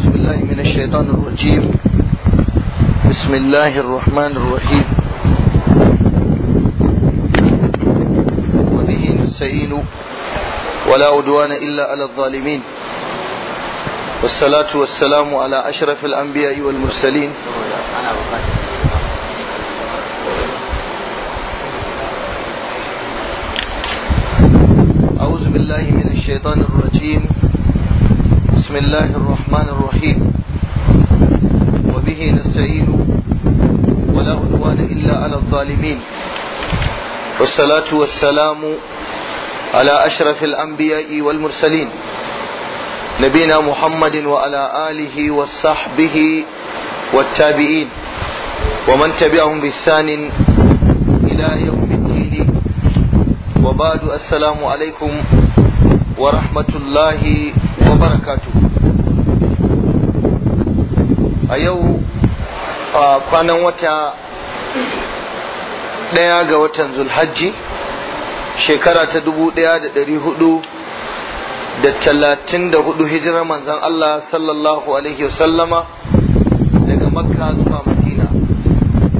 أعوذ بالله من الشيطان الرجيم بسم الله الرحمن الرحيم وبه نستعين ولا عدوان إلا على الظالمين والصلاة والسلام على أشرف الأنبياء والمرسلين أعوذ بالله من الشيطان الرجيم بسم الله الرحمن الرحيم وبه نستعين ولا عدوان إلا على الظالمين والصلاة والسلام على أشرف الأنبياء والمرسلين نبينا محمد وعلى آله وصحبه والتابعين ومن تبعهم بإحسان إلى يوم الدين وبعد السلام عليكم Wa rahmatullahi ورحمة الله وبركاته أيو قانا وتا ɗaya ga watan zulhajji shekara ta dubu ɗaya da ɗari hudu da talatin da hudu hijirar manzan Allah sallallahu alaihi wasallama daga makka zuwa madina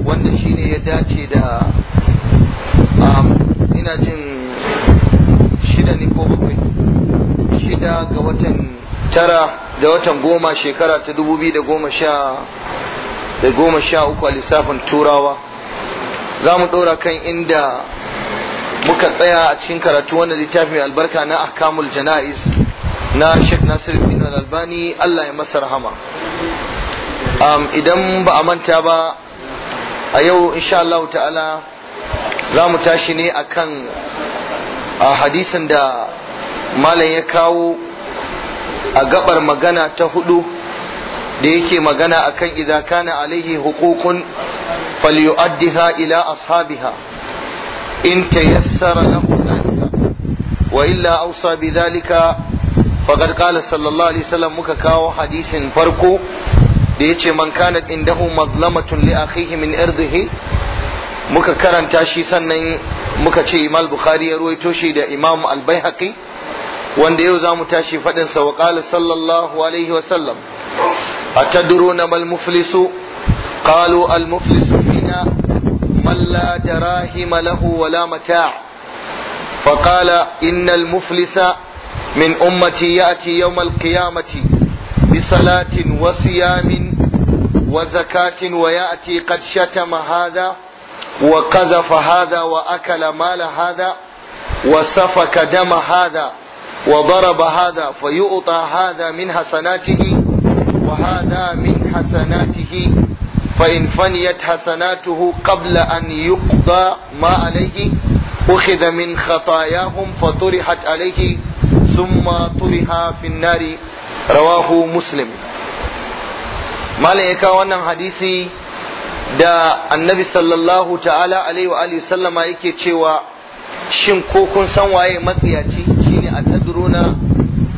wanda shine ya dace da um, ina jin shida ko bakwai shida ga watan tara da watan goma shekara ta dubu biyu da goma sha da goma sha uku a lissafin turawa za mu ɗora kan inda muka tsaya a cikin karatu wanda littafi mai albarka na akamul jana'iz na sheikh nasir bin albani allah ya masa rahama idan ba a manta ba a yau insha allahu ta'ala za mu tashi ne akan a hadisin da malam ya kawo a gabar magana ta hudu da yake magana akan idza kana alaihi huququn falyu'addiha ila ashabiha in tayassara lahu dhalika wa illa awsa bidhalika faqad qala sallallahu alaihi wasallam muka kawo hadisin farko da yace man kanat indahu mazlamatun li akhihi min irdihi muka karanta shi sannan muka ce imal bukhari ya ruwaito shi da imam albayhaqi wanda yau za mu tashi faɗin sa wa qala sallallahu alaihi wa sallam atadruna mal muflisu qalu al muflisu fina man la darahim lahu wa la mata' faqala innal muflisa min ummati ya'ti yawm al qiyamati bi salatin wa siyamin wa zakatin wa ya'ti qad shatama hadha وقذف هذا وأكل مال هذا وسفك دم هذا وضرب هذا فيؤطى هذا من حسناته وهذا من حسناته فإن فنيت حسناته قبل أن يقضى ما عليه أخذ من خطاياهم فطرحت عليه ثم طرح في النار رواه مسلم ما لك wannan hadisi da annabi sallallahu ta'ala alaihi wa alihi sallama yake cewa shin ko kun san waye matsiyaci shine atadruna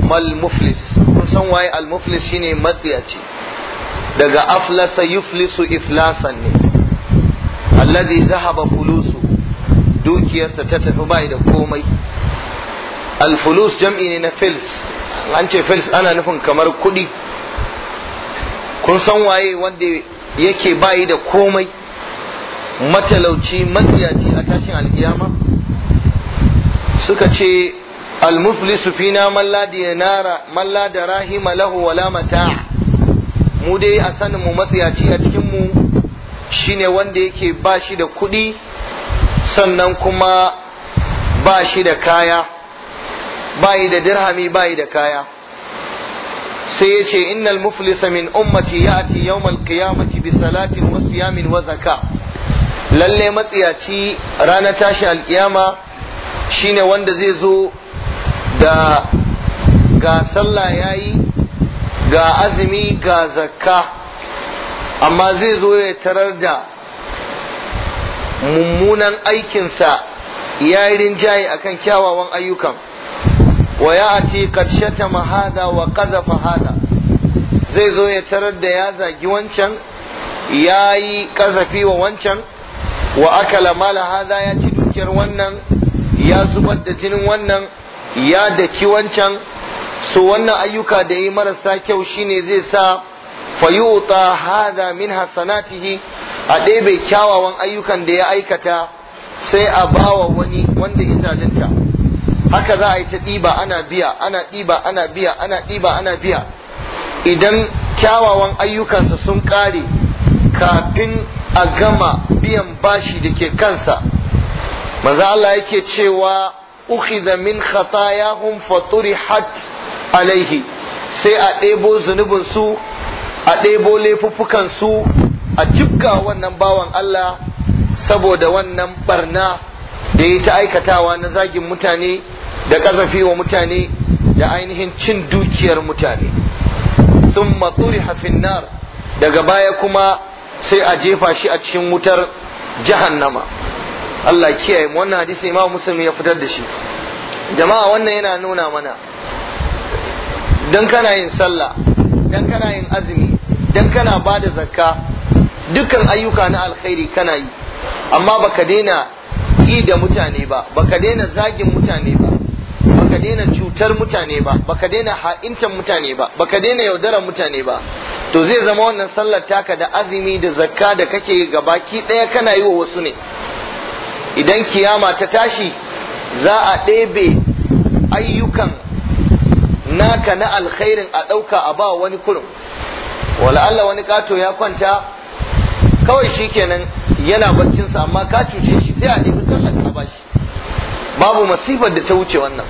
mal muflis kun san waye al muflis shine matsiyaci daga aflasa yuflisu iflasan ne alladhi zahaba fulusu dukiyarsa ta tafi bai da komai al fulus jam'i ne na fils an ce fils ana nufin kamar kuɗi kun san waye wanda yake bayi da komai matalauci matsiyaci a tashin alkiyama suka ce almuflisu fina malla da rahima lahu wala mata mu dai a sanin mu matsiyaci a cikin mu shine wanda yake bashi da kuɗi sannan kuma bashi da kaya bayi da dirhami bayi da kaya sai ya ce innal muflisa min ummati ya'ti yawmal qiyamati bi salatin wa siyamin wa zaka lalle matsiyaci rana tashi alkiyama shine wanda zai zo da ga sallah yayi ga azumi ga zakka amma zai zo ya tarar da mummunan aikinsa ya yi rinjaye akan kyawawan ayyukan wa ya'ti qad shatama hada wa qadhafa hada zai zo ya tarar da ya zagi wancan ya yi kazafi wa wancan wa akala mala hada ya ci dukiyar wannan ya zubar da jinin wannan ya daki wancan su wannan ayyuka da yi marasa kyau shine zai sa fayuta hada min hasanatihi a ɗebe kyawawan ayyukan da ya aikata sai a bawa wani wanda ita zalunta haka za a yi ta ɗiba ana biya ana ɗiba ana biya ana ɗiba ana biya idan kyawawan ayyukansa sun ƙare kafin a gama biyan bashi da ke kansa maza Allah yake cewa ukhidha min khatayahum faturihat alaihi sai a ɗebo zunubinsu a ɗebo laifuffukan su a jibga wannan bawan Allah saboda wannan barna da ya ta aikatawa na zagin mutane da ƙazafi wa mutane da ainihin cin dukiyar mutane sun matsuri hafin nar daga baya kuma sai a jefa shi a cikin wutar nama. Allah kiyaye wannan hadisi imam muslim ya fitar da shi jama'a wannan yana nuna mana dan kana yin sallah dan kana yin azumi dan kana ba da zakka dukkan ayyuka na alkhairi kana yi amma baka daina yi da mutane ba baka daina zagin mutane ba daina cutar mutane ba baka daina ha'intan mutane ba baka daina yaudarar mutane ba to zai zama wannan sallar taka da azumi da zakka da kake gabaki ɗaya kana yi wa wasu ne idan kiyama ta tashi za a ɗebe ayyukan naka na alkhairin a ɗauka a ba wani kurum wala Allah wani kato ya kwanta kawai shikenan yana barcinsa amma ka cuce shi sai a ɗebi sallar ka bashi babu masifar da ta wuce wannan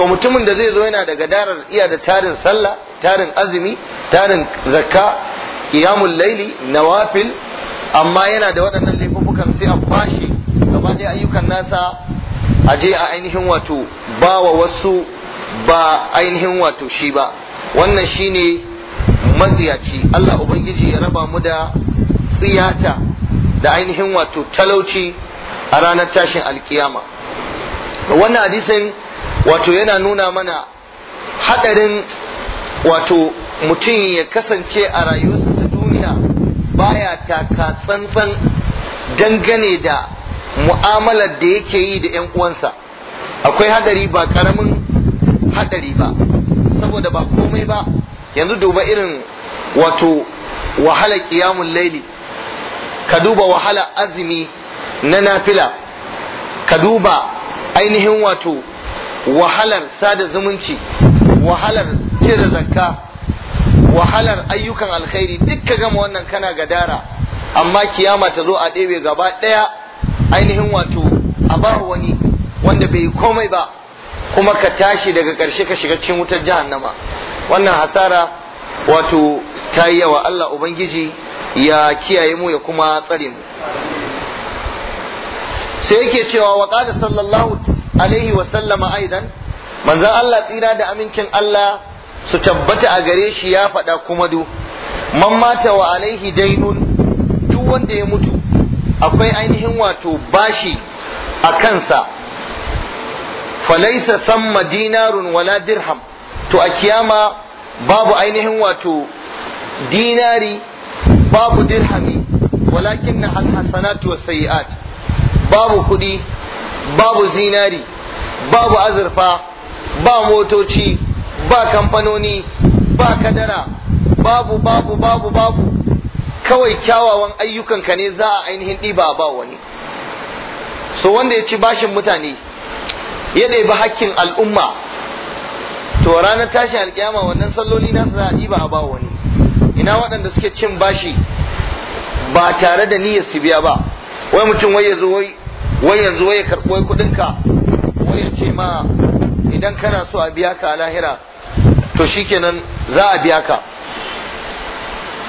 to mutumin da zai zo yana da darar iya da tarin sallah tarin azumi tarin zakka qiyamul laili nawafil amma yana da waɗannan laifukan sai a kwashe gaba ɗaya ayyukan nasa a je a ainihin wato ba wa wasu ba ainihin wato shi ba wannan shine matsiyaci Allah ubangiji ya raba mu da tsiyata da ainihin wato talauci a ranar tashin alkiyama wannan hadisin wato yana nuna mana hadarin wato mutum ya kasance a rayuwarsa ta duniya baya taka tsantsan dangane da mu'amalar da yake yi da 'yan uwansa akwai hadari ba karamin hadari ba saboda ba komai ba yanzu duba irin wato wahala kiyamun laili ka duba wahala azumi na nafila ka duba ainihin wato wahalar sada zumunci wahalar cire zakka wahalar ayyukan alkhairi duk ka gama wannan kana gadara amma kiyama ta zo a ɗebe gaba ɗaya ainihin wato a ba wani wanda bai yi komai ba kuma ka tashi daga ƙarshe ka shiga cikin wutar jahannama wannan hasara wato ta yi yawa Allah Ubangiji ya kiyaye mu ya kuma tsare mu sai yake cewa wa qala sallallahu alaihi wa sallama aidan manzon Allah tsira da amincin Allah su tabbata a gare shi ya faɗa kuma du man mata wa alaihi dainun duk wanda ya mutu akwai ainihin wato bashi a kansa falaisa samma dinarun wala dirham to a kiyama babu ainihin wato dinari babu dirhami walakin na alhassanatu wa sayi'at babu kuɗi babu zinari babu azurfa ba motoci ba kamfanoni ba kadara babu babu babu babu kawai kyawawan ayyukanka ne za a ainihin ɗiba ba wani so wanda ya ci bashin mutane ya ɗebi hakkin al'umma to ranar tashi alkiyama wannan salloli na za a ɗiba a ba wani ina waɗanda suke cin bashi ba tare da niyyar su biya ba wai mutum wai ya zo wai wai yanzu wai ya karɓo ka wai ya ce ma idan kana so a biya ka a lahira to shikenan za a biya ka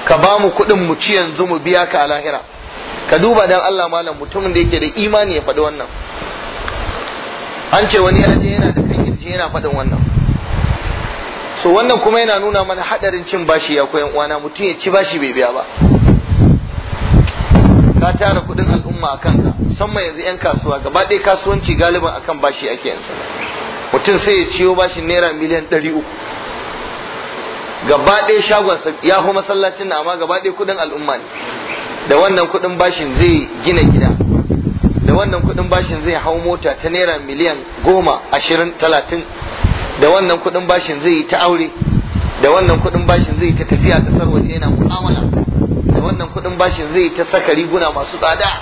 ka ba mu kuɗin mu ci yanzu mu biya ka a lahira ka duba dan Allah malam mutumin da yake da imani ya faɗi wannan an ce wani aje yana da kan yana faɗin wannan so wannan kuma yana nuna mana haɗarin cin bashi ya koyan uwana mutum ya ci bashi bai biya ba ka tara kuɗin al'umma al'umma a kanka musamman yanzu 'yan kasuwa gaba ɗaya kasuwanci galiban akan bashi ake yansa mutum sai ya ciyo bashin naira miliyan ɗari uku gaba ɗaya shagon ya hu masallacin na amma gaba ɗaya kuɗin al'umma ne da wannan kuɗin bashin zai gina gida da wannan kuɗin bashin zai hau mota ta naira miliyan goma ashirin talatin da wannan kuɗin bashin zai yi ta aure da wannan kuɗin bashin zai ta tafiya ta sarwaje yana mu'amala da wannan kuɗin bashin zai ta saka riguna masu tsada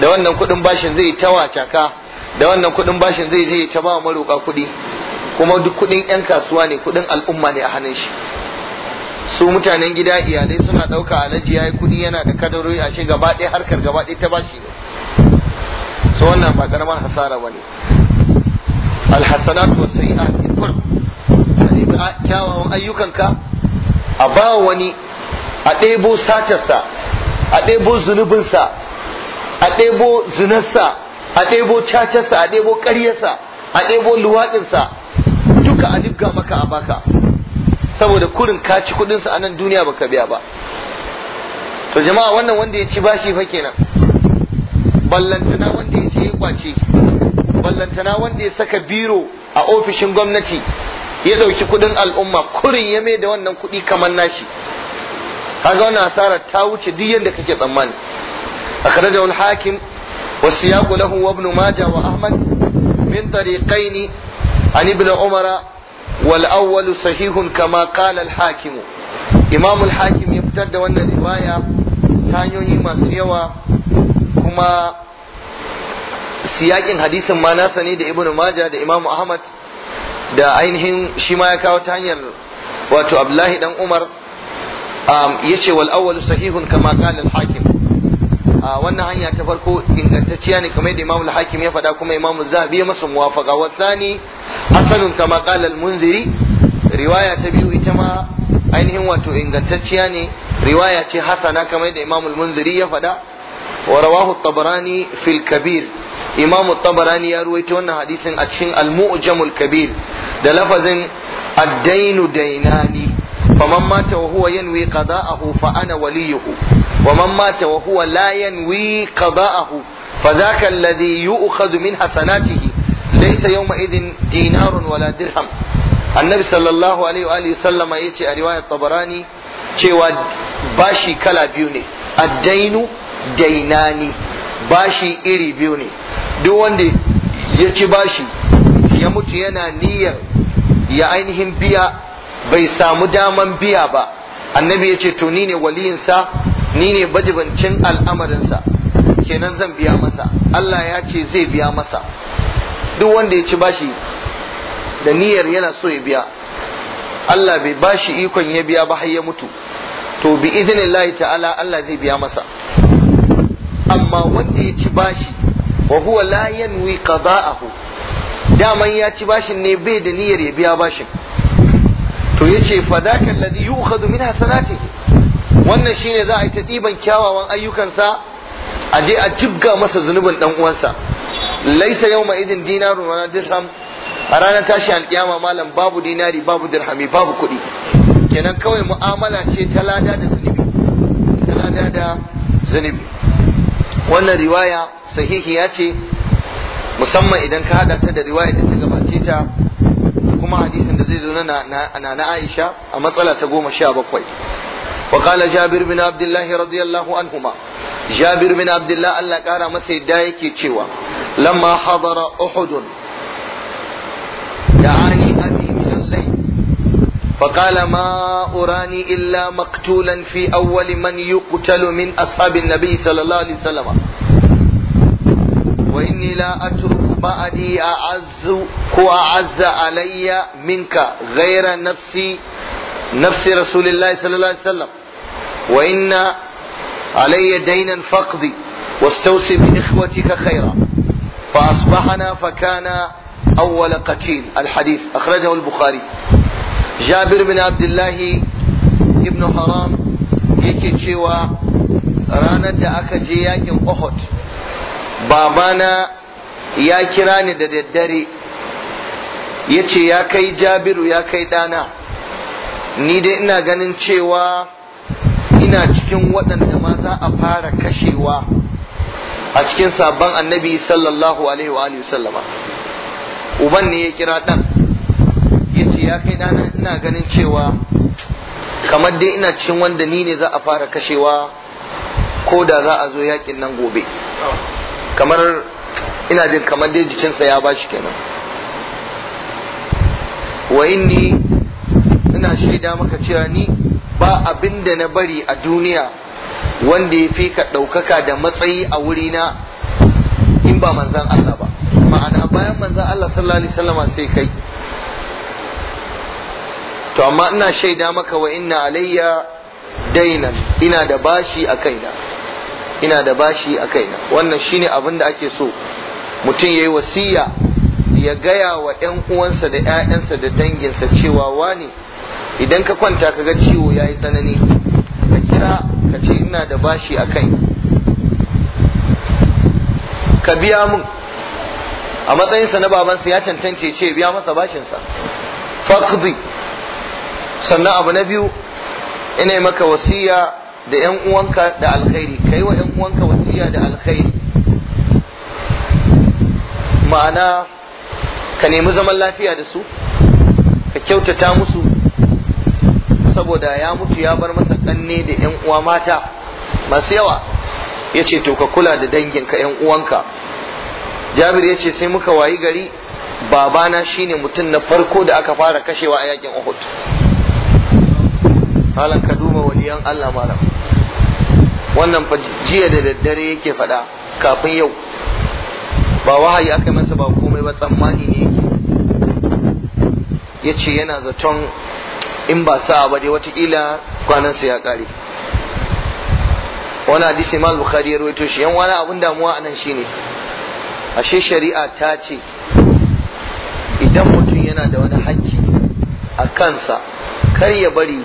da wannan kuɗin bashin zai ta wacaka da wannan kuɗin bashin zai zai ta ba maroƙa kuɗi kuma duk kuɗin 'yan kasuwa ne kuɗin al'umma ne a hannun shi su mutanen gida iyalai suna ɗauka alhaji yayi kudi kuɗi yana da kadarori ashe gaba ɗaya harkar gaba ɗaya ta bashi ne su wannan ba ƙaramar hasara ba ne alhassanatu wasu yi a kyawawan ayyukanka a ba wani a ɗebo satarsa a ɗebo zunubinsa a ɗebo zinarsa a ɗebo cacarsa a ɗebo ƙaryarsa a ɗebo luwaɗinsa duka a dibga maka a baka saboda kurin kaci kuɗinsa a nan duniya baka biya ba to jama'a wannan wanda ya ci bashi fa kenan ballantana wanda ya ce ya kwace ballantana wanda ya saka biro a ofishin gwamnati ya ɗauki kuɗin al'umma kurin ya mai da wannan kuɗi kamar nashi kaga wannan asara ta wuce duk yanda kake tsammani akhrajahu al-hakim wa siyaqu lahu wa ibn majah wa ahmad min tariqain an ibn umara wal awwal sahihun kama qala al-hakim imam al-hakim ya fitar da wannan riwaya ta hanyoyi masu yawa kuma siyakin hadisin ma nasa ne da ibn majah da imam ahmad da ainihin shi ma ya kawo ta hanyar wato abdullahi dan umar Um, yace wal awwal sahihun kama qala al hakim uh, wannan hanya ta farko ingantacciya ne kamar yadda Imam al-Hakim ya faɗa kuma Imam zahabi ya masa muwafaqa wa thani hasanun kama qala al-Munziri riwaya ta biyu ita ma ainihin wato ingantacciya ne riwaya ce hasana kamar yadda Imam al-Munziri ya faɗa wa rawahu at-Tabarani fil Kabir Imam at-Tabarani ya ruwaito wannan hadisin a cikin al-Mu'jam kabir da lafazin ad-dainu dainani faman mata wa huwa yanwi qada'ahu fa ana waliyuhu wa man mata wa huwa la yanwi qada'ahu fa dhaka alladhi yu'khadhu min hasanatihi laysa yawma idhin dinarun wala dirham annabi sallallahu alaihi wa alihi sallama a cewa bashi kala biyu ne addainu dainani bashi iri biyu ne duk wanda ya ci bashi ya mutu yana niyyar ya ainihin biya bai samu daman biya ba annabi ya ce to ni ne waliyinsa ni ne bajibancin al'amarinsa kenan zan biya masa Allah ya ce zai biya masa duk wanda ya ci bashi da niyyar yana so ya biya Allah bai bashi ikon ya biya ba har ya mutu to bi idinillahi ta'ala Allah zai biya masa amma wanda ya ci bashi wa huwa la yanwi qada'ahu daman ya ci bashin ne bai da niyyar ya biya bashin to yace fadaka alladhi yu'khadhu min hasanatihi wannan shine za a yi ta ɗiban kyawawan ayyukansa a je a jibga masa zunubin ɗan uwansa laisa yawma izin dinarun wala dirham a ranar tashi alkiyama malam babu dinari babu dirhami babu kuɗi kenan kawai mu'amala ce ta lada da zunubi ta lada da zunubi wannan riwaya sahihiya ce musamman idan ka haɗa ta da riwaya da ta gabace ta kuma hadisin da zai zuna na na Aisha a matsala ta goma sha bakwai. Wa kala Jabir bin Abdullahi radiyallahu anhuma. Jabir bin Abdullah Allah kara masa yadda yake cewa lamma hadara Uhudun da ani abi min allai. Fa ma urani illa maktulan fi awali man yuqtalu min ashabin nabi sallallahu alaihi wasallam. Wa inni la atru بعدي أعز هو أعز علي منك غير نفسي نفس رسول الله صلى الله عليه وسلم وإن علي دينا فقضي واستوصي بإخوتك خيرا فأصبحنا فكان أول قتيل الحديث أخرجه البخاري جابر بن عبد الله ابن حرام يكي cewa رانا دعك جياج je بابانا ya kira ni da daddare ya ce ya kai jabiru ya kai ɗana ni dai ina ganin cewa ina cikin waɗanda ma za a fara kashewa a cikin sabon annabi sallallahu alaihi wa sallama uban ne ya kira ɗan ya ce ya kai ɗana ina ganin cewa kamar dai ina cikin wanda ni ne za a fara kashewa ko da za a zo yakin nan gobe kamar ina jin kamar dai jikinsa ya bashi kenan wa inni ina shaida maka cewa ni ba abin da na bari a duniya wanda ya fi ka ɗaukaka da matsayi a wurina in ba manzan Allah ba ma'ana bayan manzan Allah sallallahu alaihi wasallama sai kai to amma ina shaida maka wa inna alayya dainan ina da bashi a kaina ina da bashi a kaina wannan shine abin da ake so mutum ya yi wasiya ya gaya wa 'yan uwansa da 'ya'yansa da danginsa cewa wani idan ka kwanta ka ga ciwo ya yi tsanani ka kira ka ce ina da bashi a kai ka biya mun a matsayinsa na babansa ya cancance ce biya masa bashinsa fakzi sannan abu na biyu ina maka wasiya da yan uwanka da alkhairi kai wa yan uwanka wasiya da alkhairi ma'ana ka nemi zaman lafiya da su ka kyautata musu saboda ya mutu ya bar masa kanne da yan uwa mata masu yawa ya ce to ka kula da danginka yan uwanka jabir ya ce sai muka wayi gari babana shine mutum na farko da aka fara kashewa a yakin uhud malam ka duba waliyan allah malam wannan fa jiya da daddare yake faɗa kafin yau ba wahayi aka masa ba komai ba tsammani ne ya ce yana zaton in ba sa ba dai watakila kwanansa ya kare. wani hadisi ma bukhari ya rawaito shi yan wani abun damuwa anan ne. ashe shari'a ta ce idan mutum yana da wani hakki a kansa kar ya bari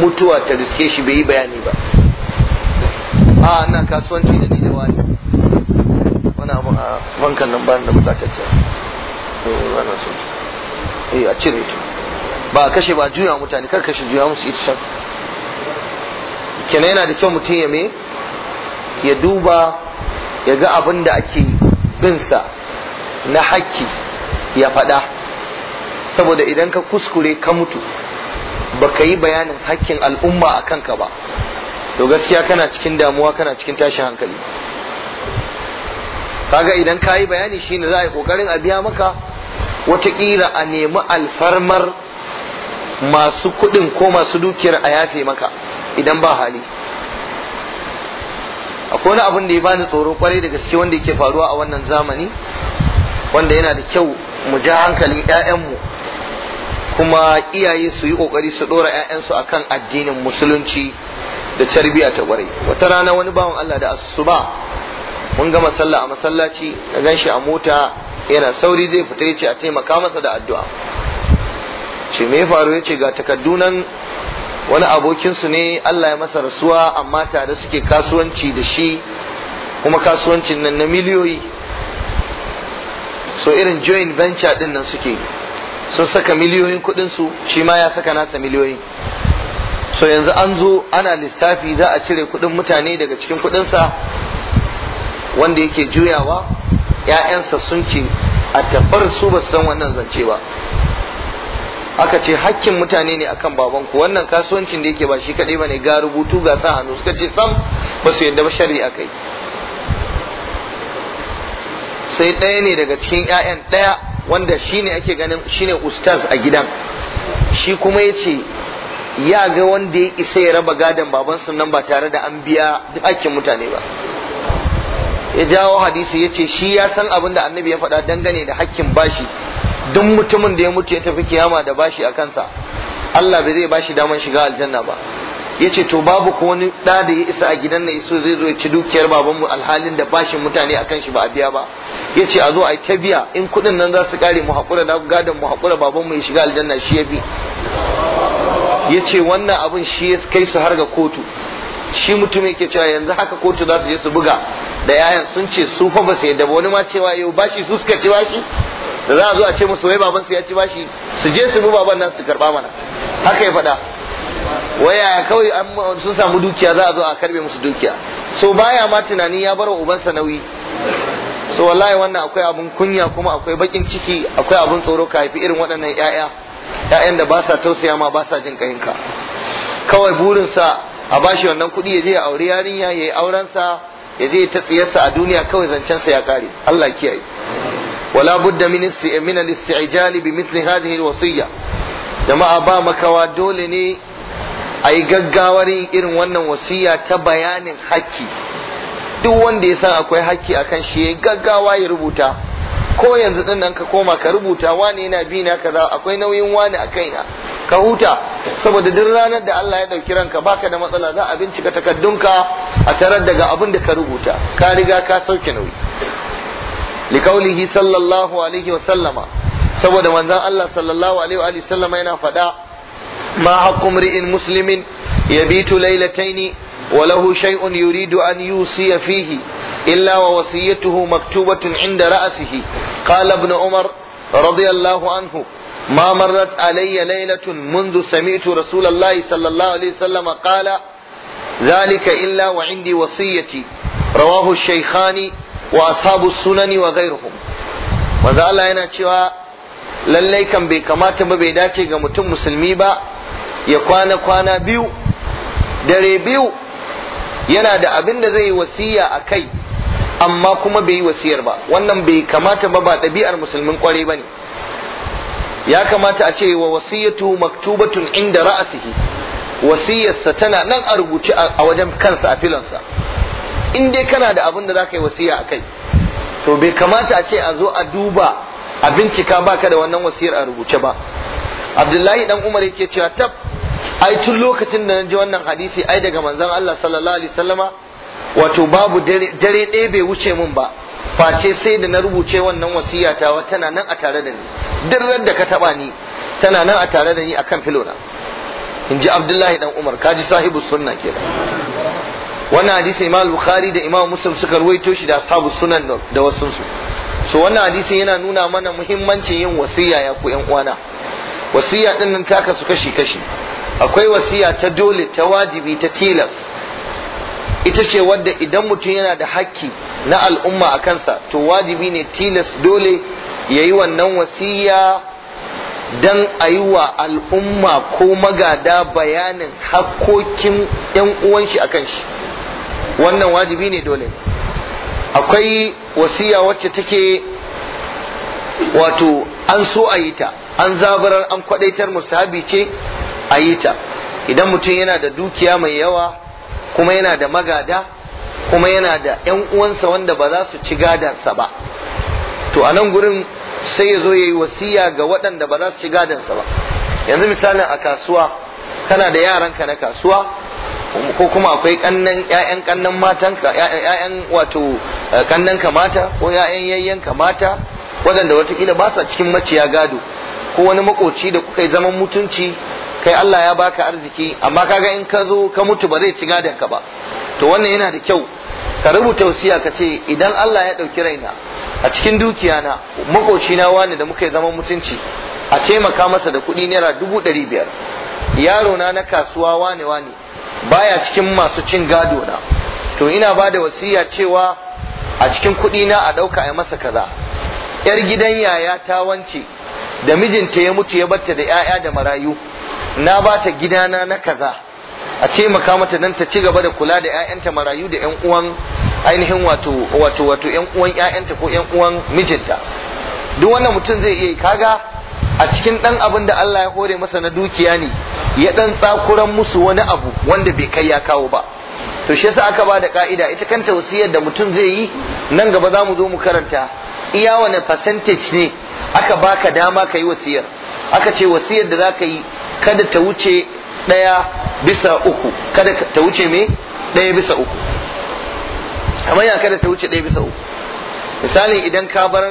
mutuwa ta riske shi bai yi bayani ba a ah, na kasuwanci da ni da wani wani abu a ah, bankan nan bayan da mutakaccen eh ba na eh a cire to ba kashe ba juya mutane kar kashe juya musu ita shan kenan yana da kyau mutum ya me ya duba ya ga abin da ake binsa na hakki ya faɗa saboda idan ka kuskure ka mutu baka yi bayanin hakkin al'umma a kanka ba to gaskiya kana cikin damuwa kana cikin tashin hankali kaga idan ka yi bayani shine za a yi kokarin a biya maka watakila a nemi alfarmar masu kuɗin ko masu dukiyar a yafe maka idan ba hali akwai wani abin da ya bani tsoro kwarai da gaske wanda yake faruwa a wannan zamani wanda yana da kyau mu ja hankalin 'ya'yanmu kuma iyaye su yi kokari su dora 'ya'yansu akan addinin musulunci da tarbiya ta kwarai wata rana wani bawan Allah da asuba mun gama sallah a masallaci na ganshi a mota yana sauri zai fita yace a taimaka masa da addu'a ce me faru yace ga takaddunan wani abokinsu ne Allah ya masa rasuwa amma tare suke kasuwanci da shi kuma kasuwancin nan na miliyoyi so irin joint venture din nan suke sun saka miliyoyin su shi ma ya saka nasa miliyoyin so yanzu an zo ana lissafi za a cire kudin mutane daga cikin kuɗinsa wanda yake juyawa ‘ya'yansa sun ce a tabbar su ba san wannan zance ba aka ce hakkin mutane ne akan babanku wannan kasuwancin da yake ba shi kaɗai ba ne ga rubutu ga sa hannu suka ce sam ba su yadda ba a kai sai ɗaya ne daga cikin 'ya'yan ɗaya wanda shi ne ake ganin shi ne ustaz a gidan shi kuma ya ce ya ga wanda ya isa ya raba gadon babansu nan ba tare da an biya hakkin mutane ba ya jawo hadisi ya ce shi ya san abin da annabi ya faɗa dangane da hakkin bashi duk mutumin da ya mutu ya tafi kiyama da bashi a kansa Allah bai zai bashi daman shiga aljanna ba ya ce to babu ko wani ɗa da ya isa a gidan na iso zai zo ya ci dukiyar babanmu alhalin da bashin mutane akan shi ba a biya ba ya ce a zo a yi ta biya in kuɗin nan za su kare mu haƙura da gadon mu haƙura babanmu ya shiga aljanna shi ya bi ya ce wannan abin shi ya kai su har ga kotu shi mutum yake cewa yanzu haka kotu za su je su buga da yayan sun ce su fa ba su yadda wani ma cewa yau bashi su suka ci bashi da za a zo a ce musu wai baban su ya ci bashi su je su bi baban nan su karba mana haka ya faɗa waya kawai sun samu dukiya za a zo a karbe musu dukiya so baya ma tunani ya bar wa ubansa nauyi so wallahi wannan akwai abun kunya kuma akwai bakin ciki akwai abun tsoro ka haifi irin waɗannan 'ya'ya ƴaƴan da ba sa tausaya ma ba sa jin kayinka kawai burinsa a bashi wannan kuɗi ya je ya auri yarinya ya yi aurensa ya je ta tsiyarsa a duniya kawai zancensa ya kare Allah kiyaye wala budda min min al-isti'jali bi mithli hadhihi al-wasiyya jama'a ba makawa dole ne a yi gaggawar irin wannan wasiya ta bayanin hakki duk wanda ya san akwai hakki akan shi ya gaggawa ya rubuta ko yanzu din nan ka koma ka rubuta wane yana bi na kaza akwai nauyin wane a kaina ka huta saboda duk ranar da Allah ya dauki ranka baka da matsala za a bincika takaddunka a tarar daga abin da ka rubuta ka riga ka sauke nauyi liqaulihi sallallahu alaihi wa sallama saboda manzon Allah sallallahu alaihi wa sallama yana faɗa ma haqqu mri'in muslimin yabitu laylataini وله شيء يريد أن يوصي فيه إلا ووصيته مكتوبة عند رأسه قال ابن عمر رضي الله عنه ما مرت علي ليلة منذ سمعت رسول الله صلى الله عليه وسلم قال ذلك إلا وعندي وصيتي رواه الشيخان وأصحاب السنن وغيرهم وذا الله هنا cewa lallai kan bai kamata ba bai dace ga mutum musulmi ba ya kwana kwana biyu dare biyu yana da abin da zai wasiya a kai amma kuma bai yi wasiyar ba wannan bai kamata ba ba ɗabi'ar musulmin kwarai ba ne ya kamata a ce wa wasiyatu maktubatun inda ra'asihi wasiyarsa tana nan a rubuce a wajen kansa a filansa in dai kana da abin da za ka yi wasiya a kai to bai kamata a ce a zo a duba a bincika baka da wannan wasiyar a rubuce ba abdullahi dan umar yake cewa tab ai tun lokacin da na ji wannan hadisi ai daga manzon Allah sallallahu alaihi wasallama wato babu dare ɗaya bai wuce min ba face sai da na rubuce wannan wasiya ta tana nan a tare da ni duk da ka taba ni tana nan a tare da ni akan filona in ji Abdullahi dan Umar kaji sahibu sunna kenan wannan hadisi Imam Bukhari da Imam Muslim suka ruwaito shi da sabu sunan da wasu su so wannan hadisi yana nuna mana muhimmancin yin wasiya ya ku yan uwana wasiya din nan ta kasu kashi kashi akwai wasiya ta dole ta wajibi ta tilas ita ce wadda idan mutum yana da hakki na al'umma a kansa to wajibi ne tilas dole ya yi wannan wasiya don a yi wa al'umma ko magada bayanin hakkokin 'yan uwanshi a kan shi wannan wajibi ne dole akwai wasiya wacce take wato an so a yi ta an zabarar an kwadaitar musabi ce a yi ta idan mutum yana da dukiya mai yawa kuma yana da magada kuma yana da ‘yan uwansa wanda ba za su ci gadansa ba to a nan gurin sai ya zo ya yi wasiya ga waɗanda ba za su ci gadansa ba yanzu misalin a kasuwa kana da yaranka na kasuwa ko kuma akwai kannan ƴaƴan kannan matanka ƴaƴan wato kannanka eh, mata ko ƴaƴan yayyanka mata waɗanda watakila ba sa cikin maciya gado ko wani makoci da kuka yi zaman mutunci kai Allah ya baka arziki amma kaga in ka zo ka mutu ba zai ci gadon ka ba to wannan yana da kyau ka rubuta wasiya ka ce idan Allah ya ɗauki raina a cikin dukiyana na wani da muka yi zaman mutunci a taimaka masa da kuɗi naira dubu ɗari biyar yaro na na kasuwa wani wani baya cikin masu cin gado na to ina ba da wasiya cewa a cikin kuɗi na a ɗauka a masa kaza yar gidan yaya ta wance da mijinta ya mutu ya batta da 'ya'ya da marayu na bata gidana na kaza a taimaka mata nan ta ci gaba da kula da 'ya'yanta marayu da 'yan uwan ainihin wato wato wato 'yan uwan 'ya'yanta ko 'yan uwan mijinta duk wannan mutum zai iya kaga a cikin dan abin da Allah ya hore masa na dukiya ne ya dan tsakuran musu wani abu wanda bai kai ya kawo ba to shi yasa aka ba da ka'ida ita kanta wasiyar da mutum zai yi nan gaba zamu zo mu karanta iya wani percentage ne aka baka dama ka yi wasiyar aka ce wasiyar da za ka yi kada ta wuce ɗaya bisa uku kada ta wuce me ɗaya bisa uku amma ya kada ta wuce ɗaya bisa uku misali idan ka bar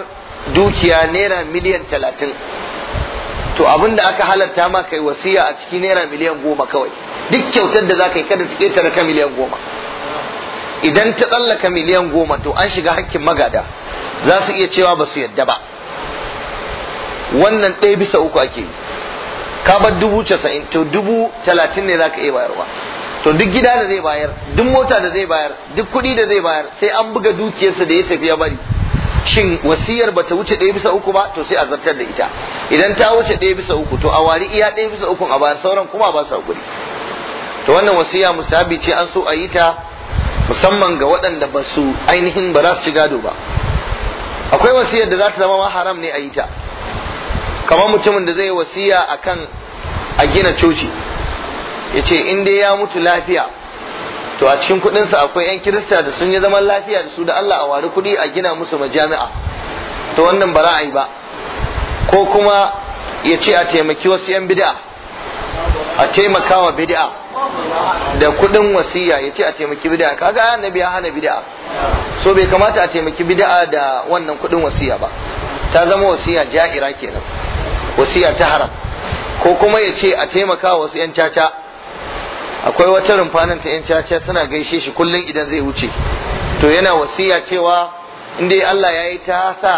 dukiya naira miliyan talatin to abin da aka halatta ma kai wasiya a ciki naira miliyan goma kawai duk kyautar da za ka yi kada su ƙetare ka miliyan goma idan ta tsallaka miliyan goma to an shiga hakkin magada za su iya cewa ba su yadda ba wannan ɗaya bisa uku ake yi ka bar dubu casa'in to dubu talatin ne za ka iya bayarwa to duk gida da zai bayar duk mota da zai bayar duk kuɗi da zai bayar sai an buga dukiyarsa da ya tafi ya bari shin wasiyar ba ta wuce ɗaya bisa uku ba to sai a zartar da ita idan ta wuce ɗaya bisa uku to a wari iya ɗaya bisa uku a bayar sauran kuma ba su hakuri to wannan wasiya musabi ce an so a yi ta musamman ga waɗanda ba su ainihin ba za su ci gado ba akwai wasiyar da za ta zama ma haram ne a yi ta kamar mutumin da zai wasiya akan a gina coci ya ce in dai ya mutu lafiya to a cikin kudinsa akwai 'yan kirista da sun yi zaman lafiya da su da Allah a wari kudi a gina musu majami'a to wannan ba ra'ayi ba ko kuma ya ce a taimaki wasu 'yan bid'a a taimaka wa bid'a da kudin wasiya ya ce a taimaki bid'a kaga annabi ya hana bid'a so bai kamata a taimaki bid'a da wannan kudin wasiya ba ta zama wasiya ja'ira kenan wasiya ta haram ko kuma ya ce a taimaka wasu 'yan caca akwai wata rumfanin ta 'yan caca suna gaishe shi kullum idan zai wuce to yana wasiya cewa in dai Allah ya yi ta sa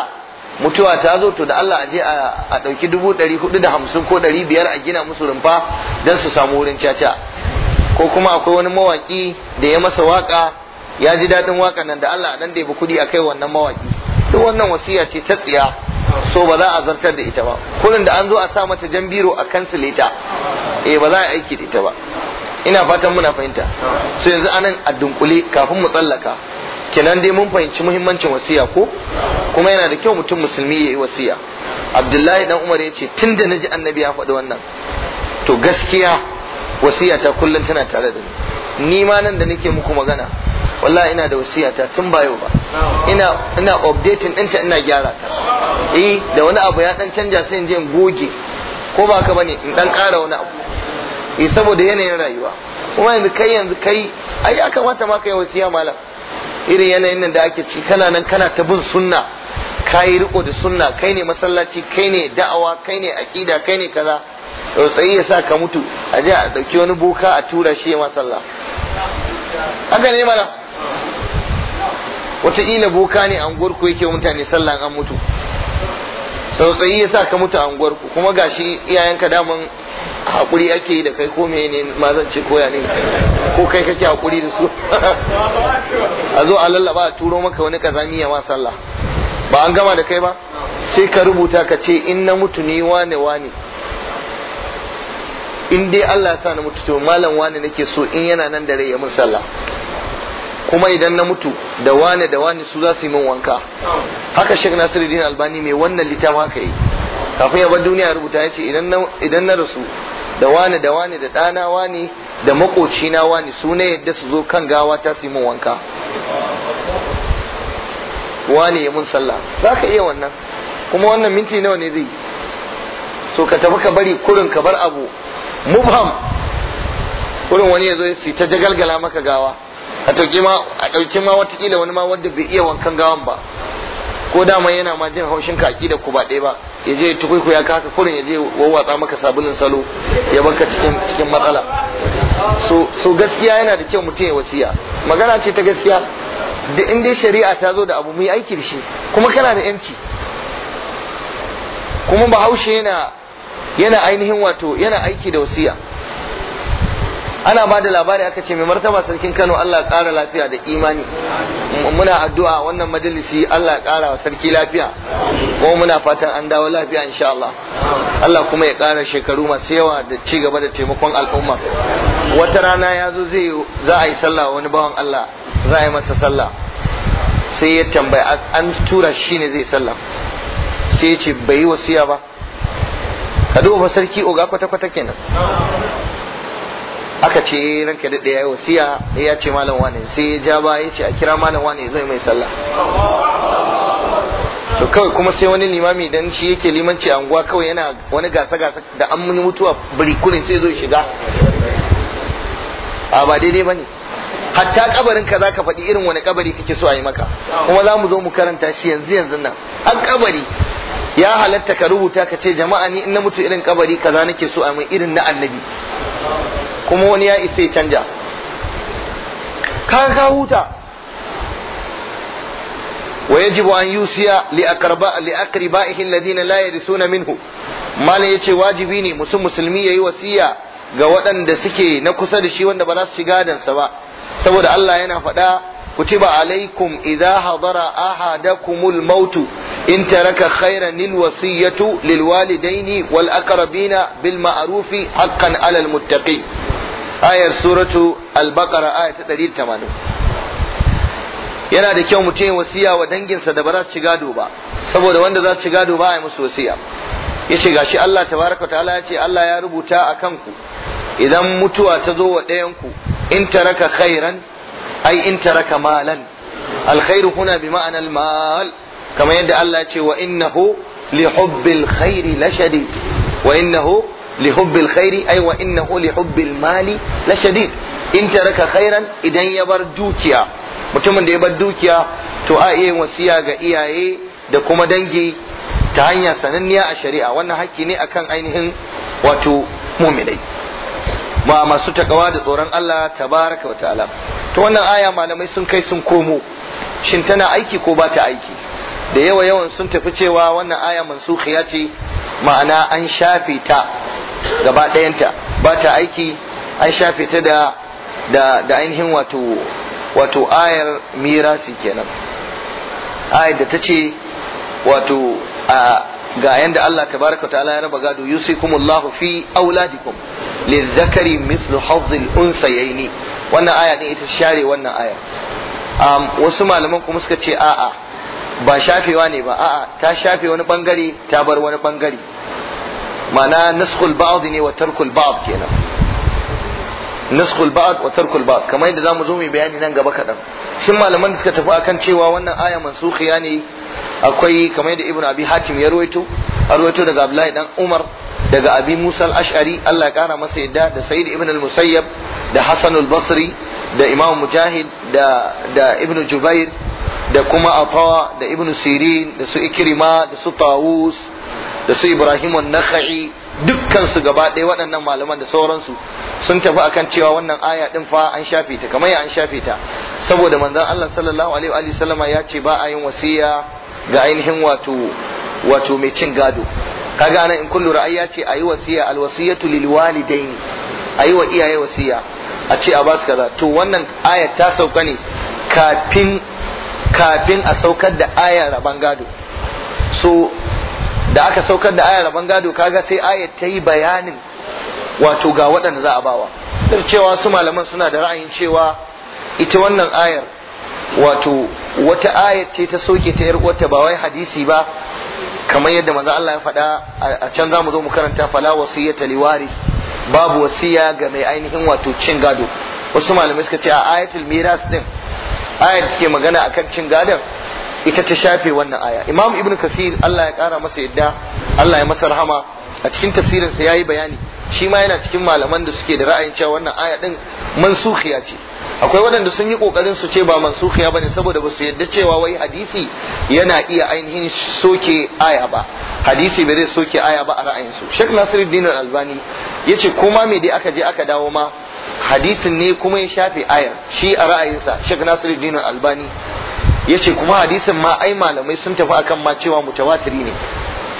mutuwa ta zo to da Allah a je a ɗauki dubu ɗari hudu da hamsin ko ɗari biyar a gina musu rumfa don su samu wurin caca ko kuma akwai wani mawaki da ya masa waka ya ji daɗin waka nan da Allah a ɗan ɗebi kuɗi a kai wannan mawaki duk wannan wasiya ce ta tsiya so ba za a zartar da ita ba kullum da an zo a sa mata jan biro a kansileta, e eh ba za a aiki da ita ba ina fatan muna fahimta so yanzu anan a dunkule kafin mu tsallaka kenan dai mun fahimci muhimmancin wasiya ko kuma yana da kyau mutum musulmi ya yi wasiya abdullahi dan umar ya ce tun da naji annabi ya faɗi wannan to gaskiya wasiya ta kullum tana tare da ni ni ma nan da nake muku magana wallahi ina da wasiyata tun ba yau ba ina ina updating ɗinta ina gyara ta eh da wani abu ya dan canja sai in je in goge ko ba ka bane in dan ƙara wani abu eh saboda yanayin rayuwa kuma yanzu kai yanzu kai ai aka kamata ma kai wasiya malam irin yanayin nan da ake ci kana nan kana ta bin sunna kayi riko da sunna kai ne masallaci kai ne da'awa kai ne aqida kai ne kaza tsayi ya sa ka mutu a je a dauki wani boka a tura shi ya masalla ne malam wataƙila boka ne a unguwarku yake mutane sallan an mutu sautsayi ya sa ka mutu a unguwarku kuma gashi iyayenka daman haƙuri ake yi da kai ko ne ma zan ce ne ko kai kake haƙuri da su a zo a lallaba a turo maka wani kazami ya ma sallah ba an gama da kai ba sai ka rubuta ka ce in na mutu ni wane wane in dai Allah ya sa na mutu to malam wane nake so in yana nan da rai ya mun sallah kuma idan na mutu da wane da wane su za su yi min wanka haka sirri Nasiruddin Albani mai wannan littafin haka yi kafin ya bar duniya rubuta ya ce idan na rasu da wane da wane da ɗana wane da makocina wane su ne yadda su zo kan gawa ta su yi min wanka wane ya mun sallah za ka iya wannan kuma wannan minti nawa ne zai so ka tafi ka bari kurin ka bar abu mubham kurin wani ya zo ya ta jagalgala maka gawa a ɗauki ma a ɗauki ma watakila wani ma wanda bai iya wankan gawan ba ko dama yana ma jin haushin ka da ku ba ɗaya ba ya je tukuiku ya kaka kurin ya je wawwatsa maka sabulin salo ya banka cikin cikin matsala so so gaskiya yana da kyau mutum ya wasiya magana ce ta gaskiya da in dai shari'a ta zo da abu mai aiki da shi kuma kana da yanci kuma bahaushe yana yana ainihin wato yana aiki da wasiya ana ba da labari aka ce mai martaba sarkin Kano Allah kara lafiya da imani muna addu'a wannan majalisi Allah kara wa sarki lafiya ko muna fatan an dawo lafiya insha Allah Allah kuma ya kara shekaru masu yawa da ci gaba da taimakon al'umma wata rana ya zo zai za a yi sallah wani bawan Allah za a yi masa sallah sai ya tambaya an tura shi ne zai sallah sai ya ce bai yi wasiya ba ka duba sarki oga kwata-kwata kenan aka ce eh, ranka da ya yi wasiya ya ce malam wane sai ya ja ba ya ce a kira malam wane zai mai sallah to kawai kuma sai wani limami dan shi yake limanci a kawai yana wani gasa gasa da an muni mutuwa birikunin sai zo shiga a ba daidai bane hatta kabarin ka zaka faɗi irin wani kabari kake so a yi maka kuma za mu zo mu karanta shi yanzu yanzu nan an kabari ya halatta ka rubuta ka ce jama'a ni in na mutu irin kabari kaza nake so a mai irin na annabi kuma wani ya isa ya canja ka ka huta wa yajibu an yusiya li aqraba li aqribaihi alladhina la yarisuna minhu malai yace wajibi ne mutum musulmi yayi wasiya ga waɗanda suke na kusa da shi wanda ba za su shiga dansa ba saboda Allah yana faɗa kutiba alaikum idza hadara ahadakumul mautu in taraka khairan lil wasiyatu lil walidaini wal aqrabina bil ma'arufi haqqan alal muttaqin ayar suratu al-baqara aya ta tamanin. yana da kyau mutum wasiya wa danginsa da ba za su ci gado ba saboda wanda za su ci gado ba a yi musu wasiya yace gashi Allah ta baraka ta'ala ce Allah ya rubuta a kanku idan mutuwa ta zo wa ɗayan ku in raka khairan ai in raka malan alkhairu huna bi ma'ana mal kama yadda Allah ce wa innahu li hubbil khairi lashadid wa innahu لحب الخير أي وإنه لحب المال لشديد إن ترك idan ya bar dukiya mutumin da ya bar dukiya to a iya wasiya ga iyaye da kuma dangi ta hanya sananniya a shari'a wannan hakki ne akan ainihin wato muminai ma masu takawa da tsoron Allah tabaraka wa ta'ala to wannan aya malamai sun kai sun komo shin tana aiki ko ba ta aiki da yawa yawan sun tafi cewa wannan aya mansukhiya ce ma'ana an shafe ta gaba ɗayanta ba ta aiki an shafe ta da da ainihin wato wato ayar mirasi kenan ayar da ta ce wato ga yanda Allah tabaraka ta'ala ya raba gado yusikumullahu fi auladikum lizzakari mislu hazzil unsayaini wannan aya din ita share wannan aya wasu malaman kuma suka ce a'a ba shafewa ne ba a'a ta shafe wani bangare ta bar wani bangare ma'ana naskhul ba'd ne wa tarkul ba'd kenan naskhul ba'd wa tarkul ba'd kamar yadda zamu zo mu bayani nan gaba kadan shin malaman da suka tafi akan cewa wannan aya mansukhiya ne akwai kamar yadda ibnu abi hatim ya ruwaito arwaito daga abdullahi dan umar daga abi musa al-ash'ari Allah ya kara masa yadda da sayyid ibn al-musayyab da hasan al-basri da imam mujahid da da ibnu jubair da kuma atawa da ibnu sirin da su ikrima da su tawus da su Ibrahim an-Nakhai dukkan su gaba ɗaya waɗannan malaman da sauransu sun tafi akan cewa wannan aya din fa an shafe ta kamar ya an shafe ta saboda manzon Allah sallallahu alaihi wa sallama ya ce ba a yin wasiya ga ainihin wato wato mai cin gado kaga anan in kullu ra'ayya ce ayi wasiya alwasiyatu lilwalidain ayi wa iyaye wasiya a ce a ba su kaza to wannan aya ta sauka ne kafin kafin a saukar da aya raban gado so da aka saukar da ayar rabon gado kaga sai ayar ta yi bayanin wato ga waɗanda za a bawa duk cewa su malaman suna da ra'ayin cewa ita wannan ayar wato wata ayar ce ta soke ta yar uwarta ba wai hadisi ba kamar yadda maza Allah ya faɗa a can za mu zo mu karanta fala ta liwari babu wasiya ga mai ainihin wato cin gado wasu malamai suka ce a ayatul miras din ayar da suke magana a kan cin gadon ita ta shafe wannan aya imam ibn kasir Allah ya kara masa yadda Allah ya masa rahama a cikin tafsirin tafsirinsa yayi bayani shi ma yana cikin malaman da suke da ra'ayin cewa wannan aya din mansukhiya ce akwai waɗanda sun yi kokarin su ce ba mansukhiya bane saboda ba su yadda cewa wai hadisi yana iya ainihin soke aya ba hadisi bai zai soke aya ba a ra'ayin su shek Nasiruddin Al-Albani yace kuma me dai aka je aka dawo ma hadisin ne kuma ya shafe ayar shi a ra'ayinsa shek Nasiruddin Al-Albani yace kuma hadisin ma ai malamai sun tafi akan ma cewa mutawatiri ne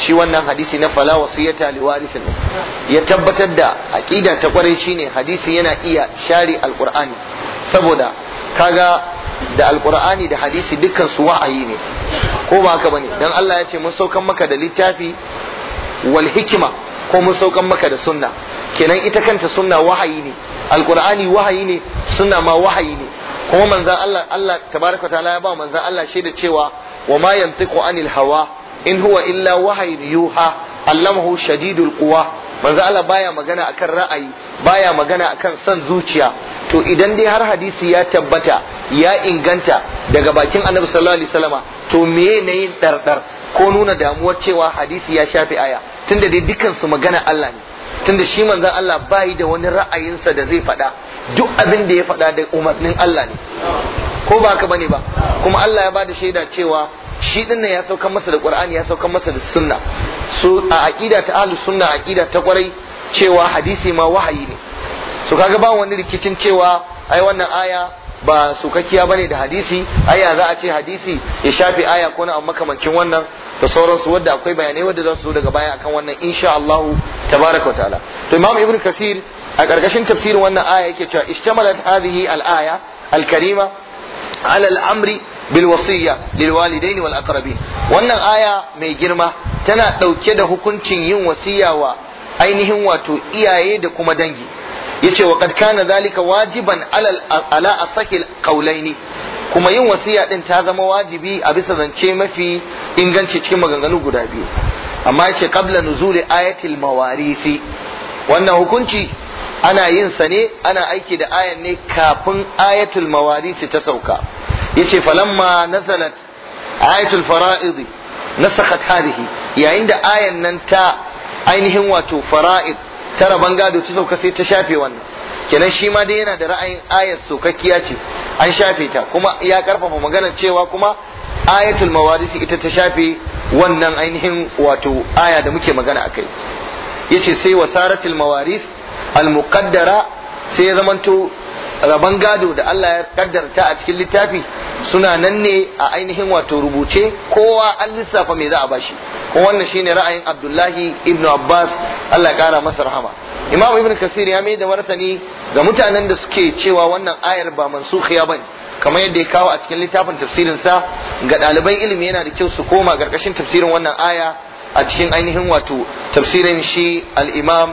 shi wannan hadisi na fala wasiyata li warisin ya tabbatar da aqida ta kware shine hadisi yana iya share alqur'ani saboda kaga da alqur'ani da hadisi dukkan su wa'ayi ne ko ba haka ne dan Allah yace ce mun saukan maka da littafi wal hikima ko mun saukan maka da sunna kenan ita kanta sunna wahayi ne alqur'ani wahayi ne sunna ma wahayi ne kuma manzan Allah Allah tabaraka ta'ala ya ba manzan Allah shaida cewa wa ma yantiqu anil hawa in huwa illa wahayin yuha allamahu shadidul quwa Manzan Allah baya magana akan ra'ayi baya magana akan son zuciya to idan dai har hadisi ya tabbata ya inganta daga bakin Annabi sallallahu alaihi wasallama to meye ne yin dardar ko nuna damuwar cewa hadisi ya shafi aya tunda dai dukansu magana Allah ne tunda shi manzan Allah bayi da wani ra'ayinsa da zai faɗa duk abin da ya faɗa da umarnin Allah ne ko ba ka bane ba kuma Allah ya bada shaida cewa shi din ya saukan masa da Qur'ani ya saukan masa da sunna su a aqida ta ahlus sunna aqida ta kwarai cewa hadisi ma wahayi ne su kaga ba wani rikicin cewa ai wannan aya ba sukakkiya bane da hadisi aya za a ce hadisi ya shafi aya ko na makamancin wannan da sauransu wadda akwai bayanai wadda za su zo daga baya akan wannan insha Allah tabaraka wa ta'ala to imam ibnu kasir a karkashin tafsirin wannan aya yake cewa ishtamalat hadhihi al-aya al-karima ala al-amri bil wasiyya lil walidaini wal aqrabin wannan aya mai girma tana dauke da hukuncin yin wasiya wa ainihin wato iyaye da kuma dangi yace wa qad kana zalika wajiban ala ala asahil qawlaini kuma yin wasiya din ta zama wajibi a bisa zance mafi inganci cikin maganganu guda biyu amma yace qabla nuzuli ayatil mawarisi wannan hukunci ana yin sa ne ana aiki da ayan ne kafin ayatul mawarisi ta sauka yace falamma nazalat ayatul fara'id nasakhat hadhihi yayin da ayan nan ta ainihin wato fara'id tara bangado ta sauka sai ta shafe wannan kenan shi ma dai yana da ra'ayin ayat sokakkiya ce an shafe ta kuma ya karfafa maganar cewa kuma ayatul mawarisi ita ta shafe wannan ainihin wato aya da muke magana a kai yace sai wasaratul mawaris al muqaddara sai ya zamanto rabon gado da Allah ya kaddarta a cikin littafi suna nan ne a ainihin wato rubuce kowa an lissafa me za a bashi kuma wannan shine ra'ayin Abdullahi ibn Abbas Allah ya kara masa rahama imam ibn kasir ya mai da martani ga mutanen da suke cewa wannan ayar ba mansukhiya bane kamar yadda ya kawo a cikin littafin tafsirin sa ga ɗaliban ilimi yana da kyau su koma garkashin tafsirin wannan aya a cikin ainihin wato tafsirin shi al-imam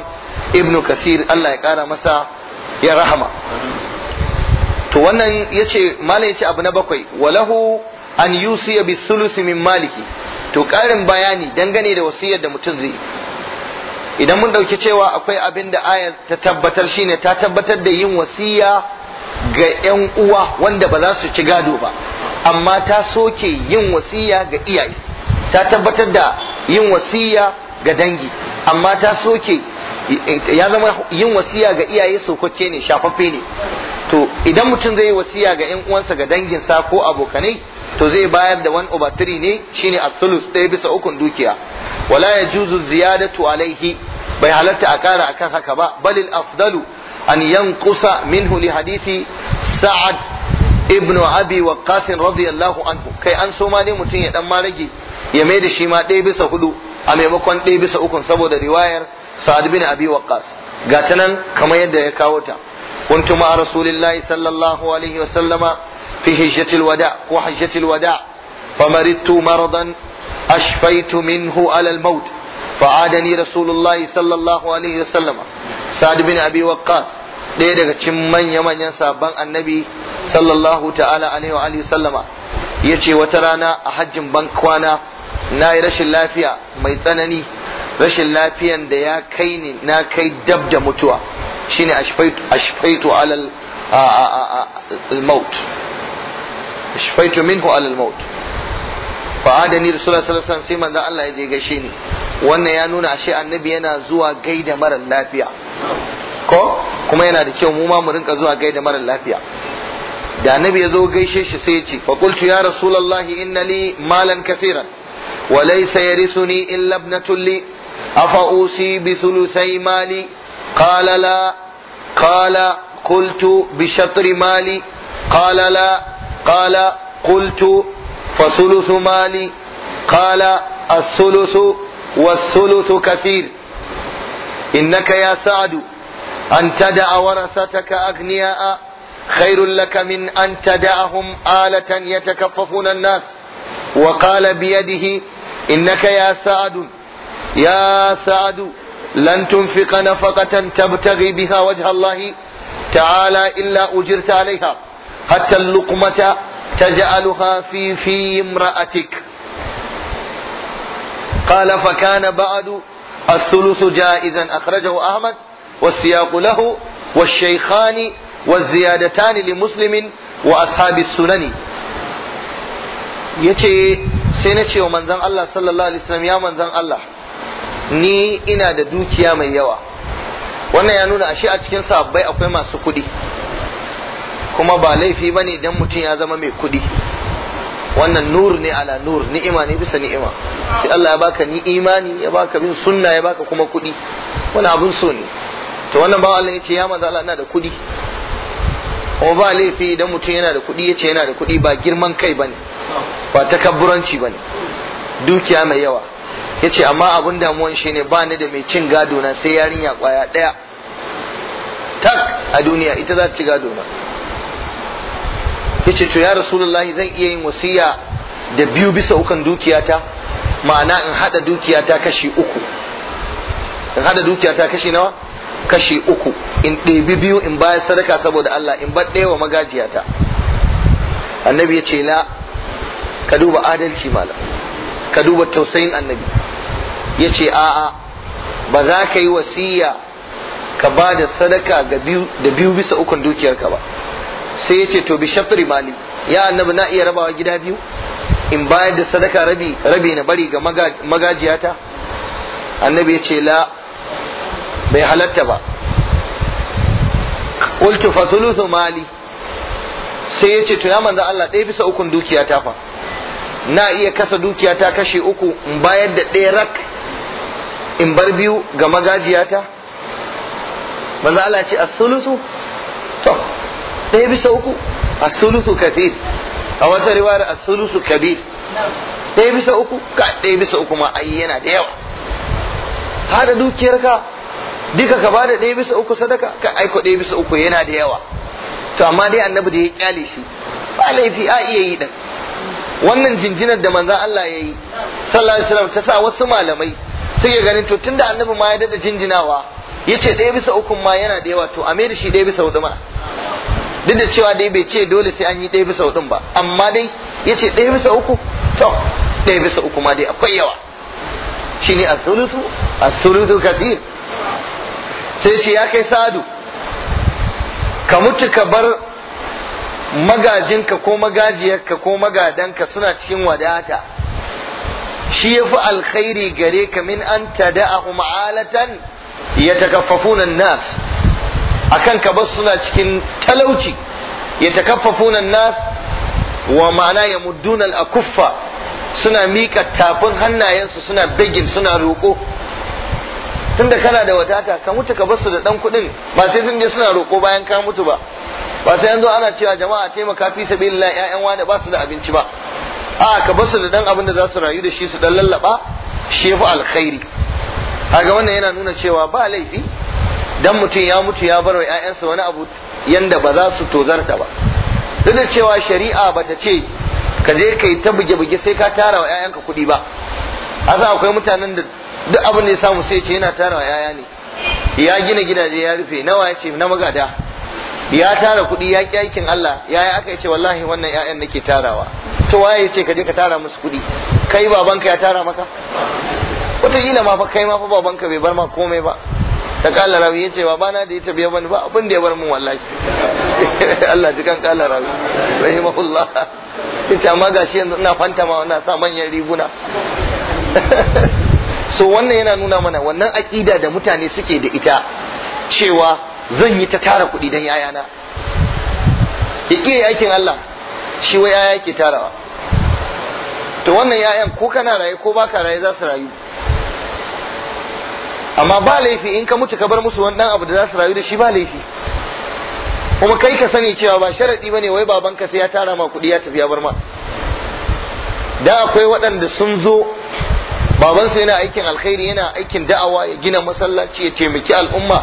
ibn kasir Allah ya kara masa ya rahama to wannan yace malai yace abu na bakwai walahu an yusiya bi sulusi min maliki to karin bayani dangane da wasiyar da mutum zai idan mun dauki cewa akwai abin da aya ta tabbatar shine ta tabbatar da yin wasiya ga yan uwa wanda ba za su ci gado ba amma ta soke yin wasiya ga iyaye ta tabbatar da yin wasiya ga dangi amma ta soke ya zama yin wasiya ga iyaye sokoke ne shafaffe ne to idan mutum zai yi wasiya ga yan uwansa ga danginsa ko abokanai to zai bayar da wani over three ne shine absolute ɗaya bisa ukun dukiya wala ya juzu ziyadatu alaihi bai halatta a kara akan haka ba balil afdalu an yanqusa minhu li hadisi sa'ad ibn abi waqqas radiyallahu anhu kai an so ma ne mutum ya dan ma rage ya mai da shi ma ɗaya bisa hudu a maimakon ɗaya bisa ukun saboda riwayar sa'ad bin abi waqqas ga ta nan kamar yadda ya kawo ta kuntu ma rasulillahi sallallahu alaihi wa sallama fi hijjatil wada ko hajjatil wada fa maridtu maradan ashfaitu minhu ala al maut fa adani rasulullahi sallallahu alaihi wa sallama sa'ad ɗaya daga cikin manya manyan sabon annabi sallallahu ta'ala alaihi wa alihi sallama ce wata rana a hajjin bankwana na yi rashin lafiya mai tsanani rashin lafiyan da ya kai ni na kai dab da mutuwa shine ashfaitu alal maut ashfaitu minhu alal maut fa adani rasulullah sallallahu alaihi wasallam sai manzo Allah ya je gaishe ni wannan ya nuna ashe annabi yana zuwa gaida mara lafiya ko kuma yana da kyau mu ma mu rinka zuwa gaida mara lafiya da annabi ya zo gaishe shi sai ya ce fa qultu ya rasulullah inna li malan kaseeran wa laysa yarisuni illa ibnatun li أفأوصي بثلثي مالي قال لا قال قلت بشطر مالي قال لا قال قلت فثلث مالي قال الثلث والثلث كثير إنك يا سعد أن تدع ورثتك أغنياء خير لك من أن تدعهم آلة يتكففون الناس وقال بيده إنك يا سعد يا سعد لن تنفق نفقة تبتغي بها وجه الله تعالى إلا أجرت عليها حتى اللقمة تجعلها في في امرأتك قال فكان بعد الثلث جائزا أخرجه أحمد والسياق له والشيخان والزيادتان لمسلم وأصحاب السنن yace sai na ce wa manzon Allah sallallahu alaihi wasallam ya manzon Allah ni ina da dukiya mai yawa wannan ya nuna ashe a cikin sahabbai akwai masu kuɗi kuma ba laifi ba ne idan mutum ya zama mai kuɗi wannan nur ne ala nur ni'ima ne bisa ni'ima shi Allah ya baka ni imani ya baka bin sunna ya baka kuma kuɗi wani abun so ne to wannan bawa Allah ya ce ya maza Allah ina da kuɗi kuma ba laifi idan mutum yana da kuɗi ya ce yana da kuɗi ba girman kai bane ba takabburanci bane dukiya mai yawa yace amma abun damuwan shine ba ni da mai cin gado na sai yarinya kwaya daya tak a duniya ita za ta ci gado na yace to ya rasulullahi zan iya yin wasiya da biyu bisa ukan dukiyata ma'ana in hada dukiyata kashi uku in hada dukiyata kashi nawa kashi uku in ɗebi biyu in baya sadaka saboda Allah in bar ɗaya wa magajiyata annabi ya ce la ka duba adalci malam ka duba tausayin annabi ya ce a'a ba za ka yi wasiya ka ba da sadaka da biyu bisa ukun dukiyarka ba sai ya ce to bi shafri mali ya annabi na iya rabawa gida biyu in bayar da sadaka rabi rabi na bari ga magajiyata annabi ya ce la bai halatta ba qultu fa mali sai ya ce to ya manza Allah ɗaya bisa ukun dukiyata fa na iya kasa dukiyata kashe uku in bayar da ɗaya rak in bar biyu ga magajiyata manzo Allah ce as-sulusu to ɗaya bisa uku as-sulusu Kabir. a wata riwayar as-sulusu kabir ɗaya bisa uku ka ɗaya bisa uku ma ai yana da yawa hada dukiyar ka duka ka bada ɗaya bisa uku sadaka ka aiko ɗaya bisa uku yana da yawa to amma dai annabi da ya kyale shi ba laifi a iya yi din wannan jinjinar da manzon Allah ya yi sallallahu alaihi wasallam ta sa wasu malamai suke ganin to tunda annabi ma ya dada jinjinawa yace ɗaya bisa ukun ma yana da yawa to a mai da shi ɗaya bisa hudu ma duk da cewa dai bai ce dole sai an yi ɗaya bisa hudun ba amma dai yace ɗaya bisa uku to ɗaya bisa uku ma dai akwai yawa shine as-sulusu as-sulusu kathir sai shi ya kai sadu ka mutu ka bar magajinka ko magajiyarka ko magadanka suna cikin wadata shi ya fi alkhairi gare ka min an tada'ahum alatan yatakaffafuna an-nas akan ka bas suna cikin talauci yatakaffafuna an-nas wa ma'ana ya yamudduna a kuffa suna miƙa tafin hannayensu suna begin suna roƙo tunda kana da wadata ka mutu ka basu da ɗan kuɗin ba sai sun je suna roƙo bayan ka mutu ba ba sai yanzu ana cewa jama'a taimaka fi sabilillah ƴaƴan wani ba su da abinci ba a ka basu da dan abin da za su rayu da shi su dan lallaba shi fi alkhairi kaga wannan yana nuna cewa ba laifi dan mutum ya mutu ya bar wa ƴaƴansa wani abu yanda ba za su tozarta ba duk da cewa shari'a bata ce ka je kai ta buge-buge sai ka tara wa ƴaƴanka kuɗi ba sa akwai mutanen da duk abin da ya samu sai ce yana tara wa ƴaƴa ne ya gina gidaje ya rufe nawa ya ce na magada ya tara kuɗi ya ki aikin Allah yi aka ce wallahi wannan 'ya'yan nake tarawa to waye ce ka je ka tara musu kuɗi kai babanka ya tara maka wataƙila ma fa kai ma fa babanka bai bar ma komai ba ta kala rawi ya ce babana da ya tafiya bani ba abin da ya bar mun wallahi Allah ji kan kala rawi rahimahullah ya ce amma gashi yanzu ina fanta ma wannan sa manyan riguna so wannan yana nuna mana wannan aƙida da mutane suke da ita cewa zan yi ta tara kuɗi don yayana ya ƙi aikin Allah shi wa yaya ke tarawa to wannan yayan ko kana raye ko baka raye za su rayu amma ba laifi in ka mutu ka bar musu wani abu da za su rayu da shi ba laifi kuma kai ka sani cewa ba sharaɗi ba ne wai babanka sai ya tara ma kuɗi ya tafi ya bar ma da akwai waɗanda sun zo babansu yana aikin alkhairi yana aikin da'awa ya gina masallaci ya taimaki al'umma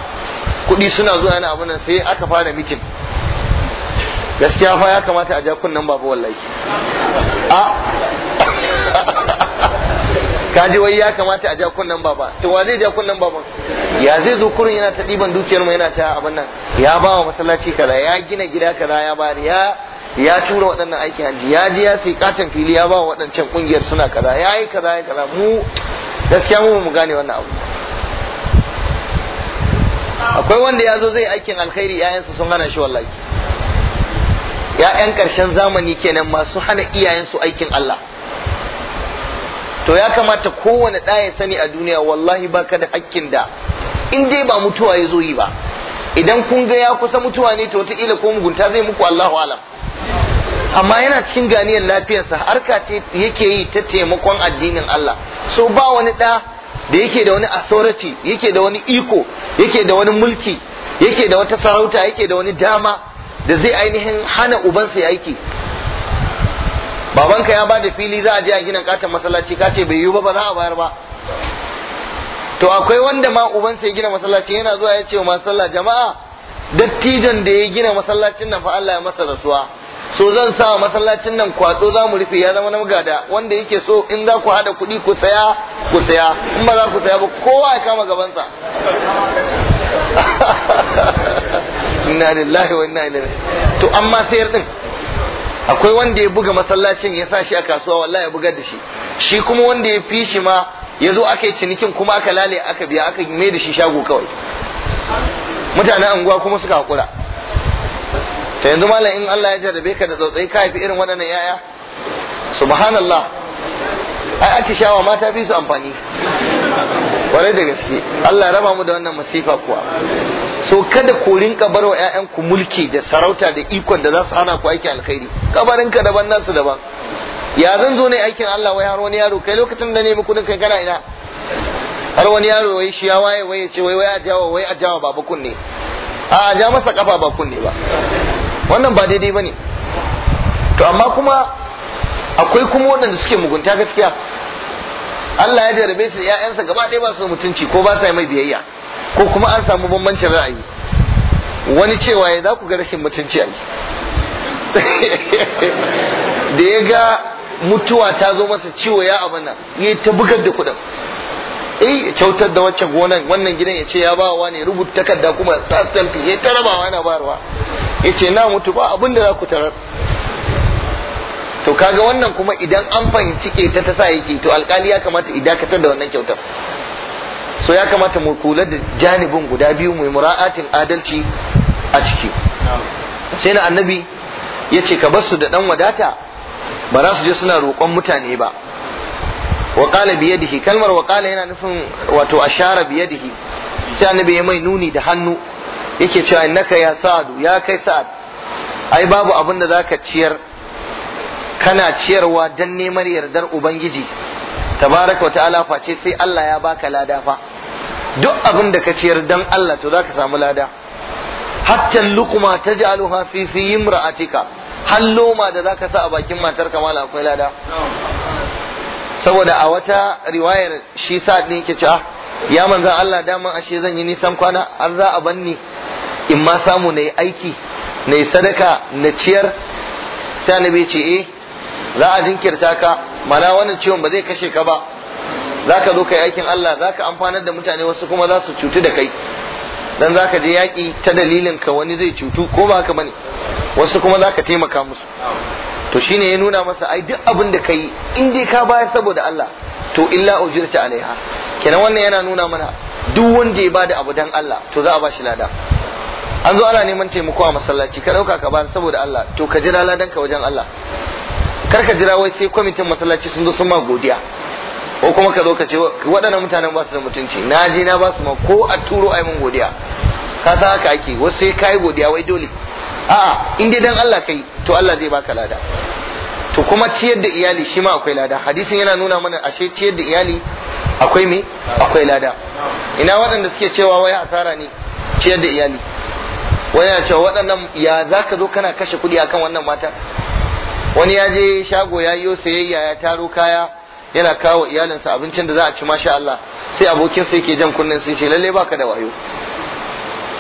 kuɗi suna zuwa yana abin nan sai aka fara mitin gaskiya fa ya kamata a ja kunnan babu wallahi a kaji wai ya kamata a ja kunnan baba to wa zai ja kunnan baban ya zai zo kurin yana ta ɗiban dukiyar mu yana ta abin nan ya ba wa masallaci kaza ya gina gida kaza ya ba ya ya tura waɗannan aikin hanji ya ji ya sai katon fili ya ba waɗancan ƙungiyar suna kaza ya yi kaza ya kaza mu gaskiya mu mu gane wannan abu akwai wanda ya zo zai aikin alkhairi 'ya'yansa sun hana shi wallahi ya'yan ƙarshen zamani kenan masu hana iyayensu aikin Allah to ya kamata kowane ɗa ya sani a duniya wallahi baka da hakkin da in dai ba mutuwa ya zo yi ba idan kun ga ya kusa mutuwa ne to wataƙila ko mugunta zai muku Allahu alam amma yana cikin ganiyar lafiyarsa harka ce yake yi ta taimakon addinin Allah so ba wani ɗa da yake da wani authority yake da wani iko yake da wani mulki yake da wata sarauta yake da wani dama da zai ainihin hana ubansa ya aiki babanka ya ba da fili za a je a gina katon masallaci ka ce bai yiwu ba ba za a bayar ba to akwai wanda ma ubansa ya gina masallaci yana zuwa ya ce wa jama'a dattijon da ya gina masallacin nan fa Allah ya masa rasuwa so zan sa masallacin nan kwatso za mu rufe ya zama na magada wanda yake so in za ku haɗa kuɗi ku saya ku saya in ba za ku saya ba kowa ya kama gabansa inna lillahi wa inna ilaihi to amma sayar din akwai wanda ya buga masallacin ya sa shi a kasuwa wallahi ya bugar da shi shi kuma wanda ya fi shi ma ya zo aka yi cinikin kuma aka lale aka biya aka mai da shi shago kawai mutanen anguwa kuma suka haƙura ta yanzu malam in Allah ya jarrabe ka da tsotsai ka haifi irin waɗannan yaya subhanallah ai a shawa mata fi su amfani kwarai da gaske Allah ya raba mu da wannan masifa kuwa so kada ku rinka bar wa ku mulki da sarauta da ikon da za su hana ku aikin alkhairi Kabarin ka daban nasu daban ya zan zo ne aikin Allah wai har wani yaro kai lokacin da nemi kudin kai kana ina har wani yaro wai shi ya waye wai ya ce wai wai a jawo wai a jawo ba kunne a ja masa kafa ba kunne ba wannan ba daidai ba ne. to amma kuma akwai kuma waɗanda suke mugunta gaskiya Allah ya jarabe su 'ya'yansa gaba ɗaya ba su mutunci ko ba sa mai biyayya ko kuma an samu bambancin ra'ayi wani cewa ya za ku ga rashin mutunci a da ya ga mutuwa ta zo masa ciwo ya abin nan ya ta bugar da kuɗin eh kyautar da wacce gonan wannan gidan ya ce ya ba wa ne rubuta takarda kuma sa ya ta rabawa yana bayarwa ya ce na mutu ba abin za ku tarar to kaga wannan kuma idan an fahimci ke ta sa yake to alkali ya kamata idakatar da wannan kyautar so ya kamata mu kula da janibin guda biyu mu mura'atin adalci a ciki sai na annabi ya ce ka basu da dan wadata ba za su je suna roƙon mutane ba wa qala bi yadihi kalmar wa yana nufin wato ashara bi yadihi sai annabi ya mai nuni da hannu yake cewa innaka ya sa'adu ya kai sa'ad ai babu abin da zaka ciyar kana ciyarwa dan neman yardar ubangiji tabaraka wa ta'ala face sai Allah ya baka lada fa duk abin da ka ciyar dan Allah to zaka samu lada hatta lukma taj'aluha fi fi imra'atika har loma da zaka sa a bakin matarka mala akwai lada saboda a wata riwayar shi sa din yake cewa ya manzan Allah daman ashe zan yi nisan kwana an za a banni in ma samu na yi aiki na yi sadaka na ciyar sai annabi ce eh za a jinkirta ka mana wannan ciwon ba zai kashe ka ba za ka zo ka yi aikin Allah za ka amfanar da mutane wasu kuma za su cutu da kai dan za ka je yaƙi ta dalilin ka wani zai cutu ko ba haka bane wasu kuma za ka taimaka musu to shine ya nuna masa ai duk abin da kai in dai ka baya saboda Allah to illa ujirta alaiha kenan wannan yana nuna mana duk wanda ya bada abu dan Allah to za a bashi lada an zo ana neman taimako a masallaci ka dauka ka ba saboda Allah to ka jira ladan ka wajen Allah kar ka jira wai sai kwamitin masallaci sun zo sun ma godiya ko kuma ka zo ka ce waɗannan mutanen ba su da mutunci na je na ba su ma ko a turo ai mun godiya ka sa haka ake wasu sai kai godiya wai dole a'a in dai dan Allah kai to Allah zai baka lada to kuma ciyar da iyali shi ma akwai lada hadisin yana nuna mana ashe ciyar da iyali akwai me akwai lada ina waɗanda suke cewa wai asara ne ciyar da iyali wani ya cewa waɗannan ya za zo kana kashe kuɗi akan wannan mata wani ya je shago ya yi sayayya ya taro kaya yana kawo iyalinsa abincin da za a ci masha Allah sai abokinsa yake jan kunnen sai ce lalle baka da wayo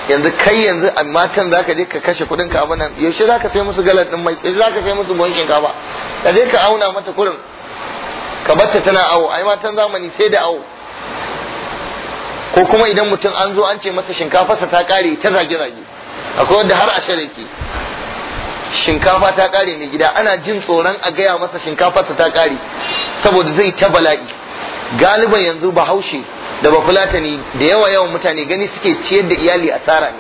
yanzu kai yanzu a matan za ka je ka kashe kudin ka nan yaushe za ka sai musu galar ɗin mai yaushe za ka sai musu gonkin ka ba ka je ka auna mata kurin ka batta tana awo ai matan zamani sai da awo ko kuma idan mutum an zo an ce masa shinkafarsa ta kare ta zage zage akwai wanda har a shirya ke shinkafa ta kare mai gida ana jin tsoron a gaya masa shinkafarsa ta kare saboda zai ta bala'i galiban yanzu bahaushe da ba ne da yawa yawan mutane gani suke ciyar da iyali asara ne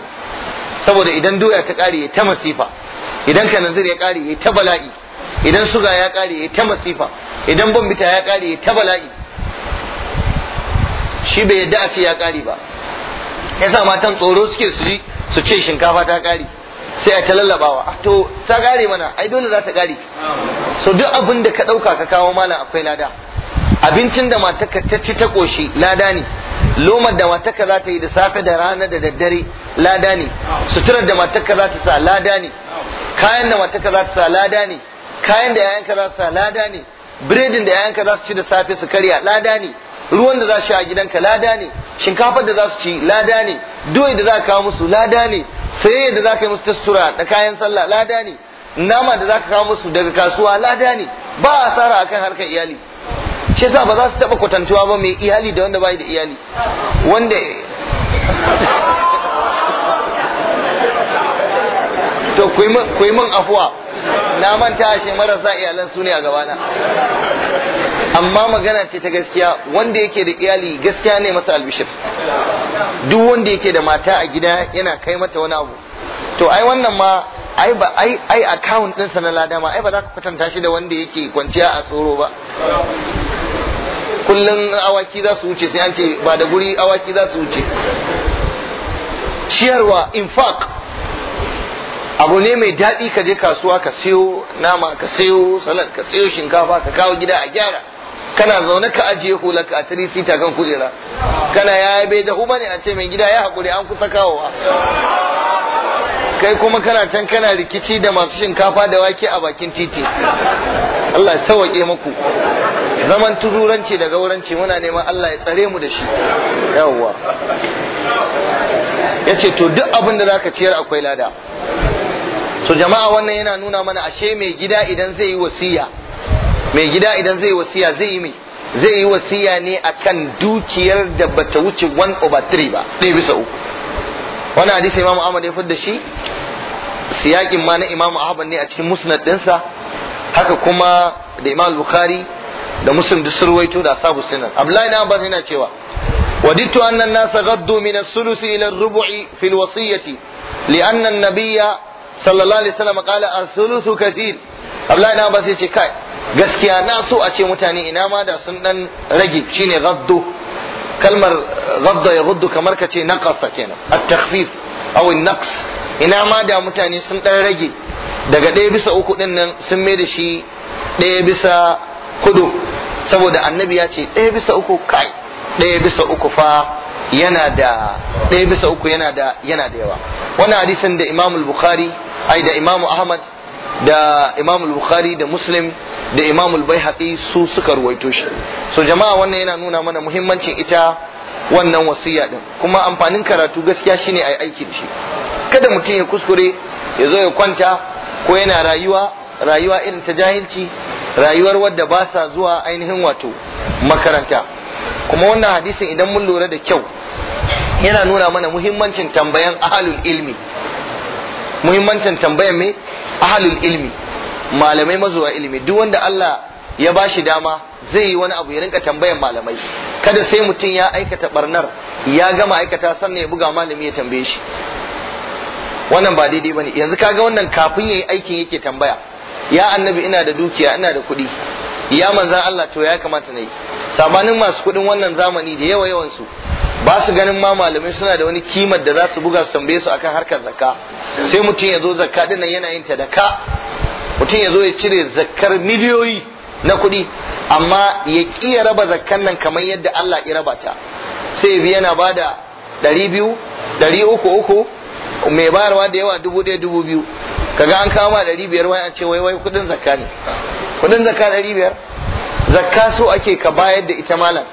saboda idan doya ta kare ta masifa idan kananzir ya kare ya ta bala'i idan suga ya kare ya ta masifa idan bambita ya kare ya ta bala'i shi bai yadda a ce ya kare ba yasa matan tsoro suke su ji su ce shinkafa ta kare sai a ta lallabawa ah, to ta kare mana ai dole za ta kare so duk abin da ka dauka ka kawo malam akwai lada abincin da matarka ta ci ta koshi lada ne lomar da matarka za ta yi da safe da rana da daddare lada ne suturar da matarka za ta sa lada ne kayan da matarka za ta sa lada ne kayan da yayanka za su sa lada ne biredin da yayanka za su ci da safe su karya lada ne ruwan da za su a gidanka lada ne shinkafar da za su ci lada ne doyi da za ka kawo musu lada ne sayayya da za ka yi musu tastura da kayan sallah lada ne nama da za ka kawo musu daga kasuwa lada ne ba a asara akan harkar iyali shi yasa ba za su taba kwatantuwa ba mai iyali da wanda bai da iyali wanda to ku yi min afuwa na manta shi marasa iyalan su ne a gabana amma magana ce ta gaskiya wanda yake da iyali gaskiya ne masa albishir duk wanda yake da mata a gida yana kai mata wani abu to ai wannan ma ai ba ai ai account din sa na ladama ma ai ba za ka kwatanta shi da wanda yake kwanciya a tsoro ba kullum awaki za su wuce sai an ce ba da guri awaki za su wuce ciyarwa in fact abu ne mai daɗi ka je kasuwa ka siyo nama ka siyo salad ka siyo shinkafa ka kawo gida a gyara kana zaune ka ajiye hula ka tiri sita kan kujera kana ya bai da ne a ce mai gida ya haƙuri an kusa kawowa kai kuma kana can kana rikici da masu shinkafa da wake a bakin titi Allah ya sauke muku zaman tururanci da gauranci muna neman Allah ya tsare mu da shi yawwa yace to duk abin da zaka ciyar akwai lada so jama'a wannan yana nuna mana ashe mai gida idan zai yi wasiya mai gida idan zai yi wasiya zai yi zai yi wasiya ne akan dukiyar da bata wuce 1 over 3 ba ɗaya bisa uku wani hadisi imamu ahmad ya fidda shi siyakin ma na imamu ahmad ne a cikin musnad dinsa haka kuma da imam bukhari da muslim duk surwaito da asabu sunan abdullahi na abbas yana cewa وددت أن الناس غضوا من الثلث إلى الربع في الوصية لأن النبي صلى الله عليه وسلم قال الثلث كثير Abdullahi na ba sai ce kai gaskiya na so a ce mutane ina ma da sun dan rage shine gaddu kalmar zabda eh, ya guddu kamar ka ce naƙasa kenan a takfif a naqs ina ma da mutane sun ɗan rage daga ɗaya bisa uku ɗin nan sun mai da shi ɗaya bisa kudu saboda annabi ya ce ɗaya bisa uku kai ɗaya bisa uku fa yana da ɗaya bisa uku yana da yana da yawa wannan hadisin da imamul Bukhari ai da imamu Ahmad da imam bukhari da muslim da imam al su suka ruwaito shi so jama'a wannan yana nuna mana muhimmancin ita wannan wasiya din kuma amfanin karatu gaskiya shine ai aiki da shi kada mutum ya kuskure ya zo ya kwanta ko yana rayuwa rayuwa irin ta jahilci rayuwar wadda ba sa zuwa ainihin wato makaranta kuma wannan hadisin idan mun lura da kyau yana nuna mana muhimmancin tambayan ahalul ilmi muhimmancin tambayar me ahlul ilmi malamai mazuwa ilmi duk wanda Allah ya ba shi dama zai yi wani abu ya rinka tambayar malamai kada sai mutum ya aikata barnar ya gama aikata sannan ya buga malami ya tambaye shi wannan ba daidai ba ne yanzu kaga wannan kafin ya yi aikin yake tambaya ya annabi ina da dukiya ina da kuɗi ya manzan Allah to ya kamata na yi sabanin masu kuɗin wannan zamani da yawa yawan su ba su ganin ma malamai suna da wani kimar da za su buga su tambaye su akan harkar zakka sai mutum ya zo zakka din nan yana yin ta da ka mutum ya zo ya cire zakkar miliyoyi na kuɗi amma ya ki ya raba zakkan nan kamar yadda Allah ya raba ta sai bi yana da ɗari biyu ɗari uku uku mai bayarwa da yawa dubu ɗaya dubu biyu kaga an kawo ma ɗari biyar wai an ce wai wai kuɗin zakka ne kuɗin zakka ɗari biyar zakka so ake ka bayar da ita malam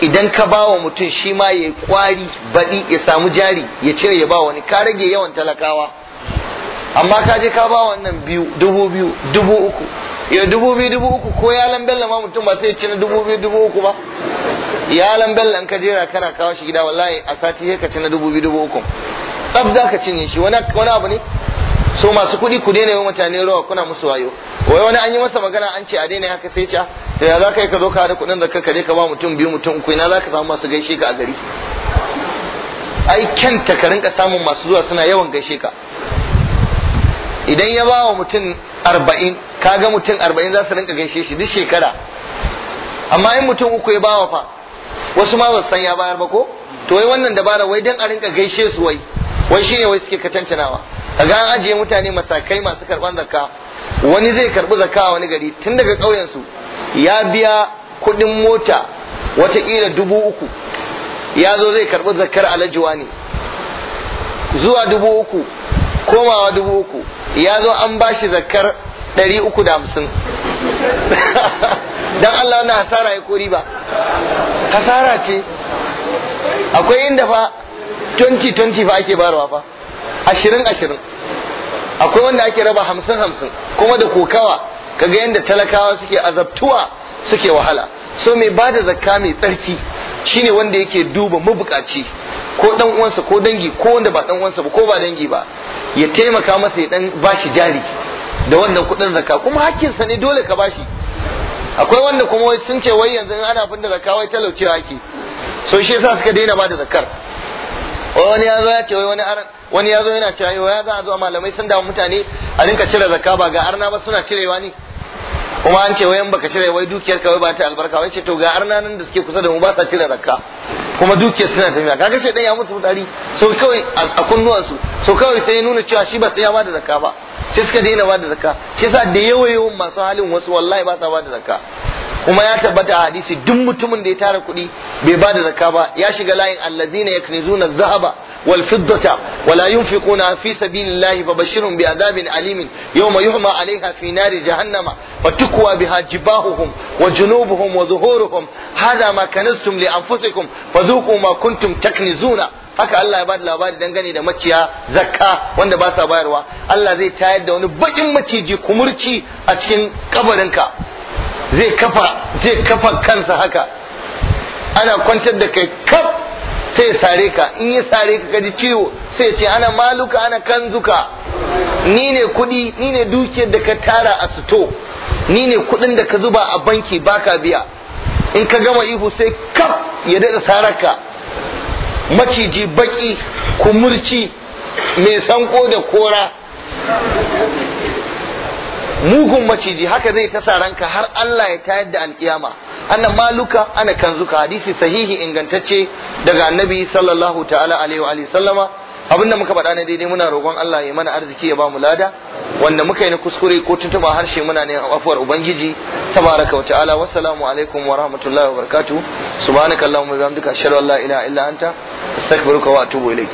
idan ka ba wa mutum shi ma ya kwari baɗi ya samu jari ya cire ya ba wani ka rage yawan talakawa amma ka je ka ba wannan biyu dubu biyu dubu uku ya dubu biyu dubu uku ko ya lambella ma mutum ba sai ci na dubu biyu dubu uku ba ya lambella in ka jera kana kawo shi gida wallahi a sati sai ka ci na dubu biyu dubu uku tsab za ka cinye shi wani abu ne so masu kuɗi ku daina yi mutane rawa kuna musu wayo wai wani an yi masa magana an ce a daina haka sai ca ah, to ya za ka yi ka zo ka da kuɗin da ka kare ka ba mutum biyu mutum uku ina za ka samu masu gaishe ka a gari ai takarin ka rinka samun masu zuwa suna yawan gaishe ka idan ya ba wa mutum arba'in ga mutum arba'in za su rinka gaishe shi duk shekara amma in mutum uku ya bawa fa wasu ma ba san ya bayar ba ko to wai wannan dabara wai dan a rinka gaishe su wai wai shine wai suke kacancanawa kaga an ajiye mutane masakai masu karban zakka wani zai karbi zakka a wani gari tun daga ƙauyen su ya biya kuɗin mota wataƙila dubu uku ya zo zai karbi zakkar alajuwa ne zuwa dubu uku komawa dubu uku ya zo an bashi zakkar ɗari uku da hamsin dan Allah na hasara ya kori ba hasara ce akwai inda fa 2020 ba ake barwa fa ashirin ashirin akwai wanda ake raba hamsin hamsin kuma da kokawa kaga yadda talakawa suke azabtuwa suke wahala so mai ba da zakka mai tsarki shine wanda yake duba mabukaci ko dan uwansa ko dangi ko wanda ba dan uwansa ba ko ba dangi ba ya taimaka masa ya dan bashi jari da wannan kudin zakka kuma hakkinsa ne dole ka bashi akwai wanda kuma sun ce wai yanzu ana da zakka wai talaucewa ake so shi yasa suka daina ba da zakkar wani ya zo ya ce wai wani aran wani ya zo yana cewa ya za a zo malamai sun dawo mutane a rinka cire zakka ba ga arna ba suna cirewa ne kuma an ce wayan baka cire wai dukiyar ka wai ba ta albarka wai ce to ga arna nan da suke kusa da mu ba sa cire zakka kuma dukiyar suna tafiya kaga sai dan ya musu tsari so kawai a kunnuwan su so kawai sai ya nuna cewa shi ba sai ya bada zakka ba sai suka daina bada zakka shi yasa da yawa yawan masu halin wasu wallahi ba sa bada zakka kuma ya tabbata a hadisi duk mutumin da ya tara kuɗi bai bada da zakka ba ya shiga layin allazina yaknizuna zahaba wal fiddata wala yunfiquna fi sabilillahi bi adabin alimin yawma yuhma 'alayha fi nari jahannama fatukwa biha jibahuhum wa junubuhum wa zuhuruhum hada ma kanastum li anfusikum fadhuqu ma kuntum taknizuna haka Allah ya bada labari dangane da maciya zakka wanda ba sa bayarwa Allah zai tayar da wani bakin maciji kumurci a cikin kabarinka zai kafa zai kafa kansa haka ana kwantar da kai kaf sai sare ka in ya sare ka kaji ciwo sai ce ana maluka ana kanzuka ni ne kudi ni ne dukiyar da ka tara a sito ni ne kudin da ka zuba a banki baka biya in ka gama ihu sai kaf ya daɗa saraka maciji baki kumurci mai sanko da kora mugun maciji haka zai ta ranka har Allah ya tayar da alkiyama annan maluka ana kanzuka hadisi sahihi ingantacce daga annabi sallallahu ta'ala alaihi wa sallama abinda muka faɗa na daidai muna roƙon Allah ya mana arziki ya ba mu lada wanda muka yi na kuskure ko tuntuɓa harshe muna ne afuwar ubangiji tabaraka wa ta'ala wassalamu alaikum wa rahmatullahi wa subhanaka allahumma wa bihamdika ashhadu an la ilaha illa anta astaghfiruka wa atubu ilaik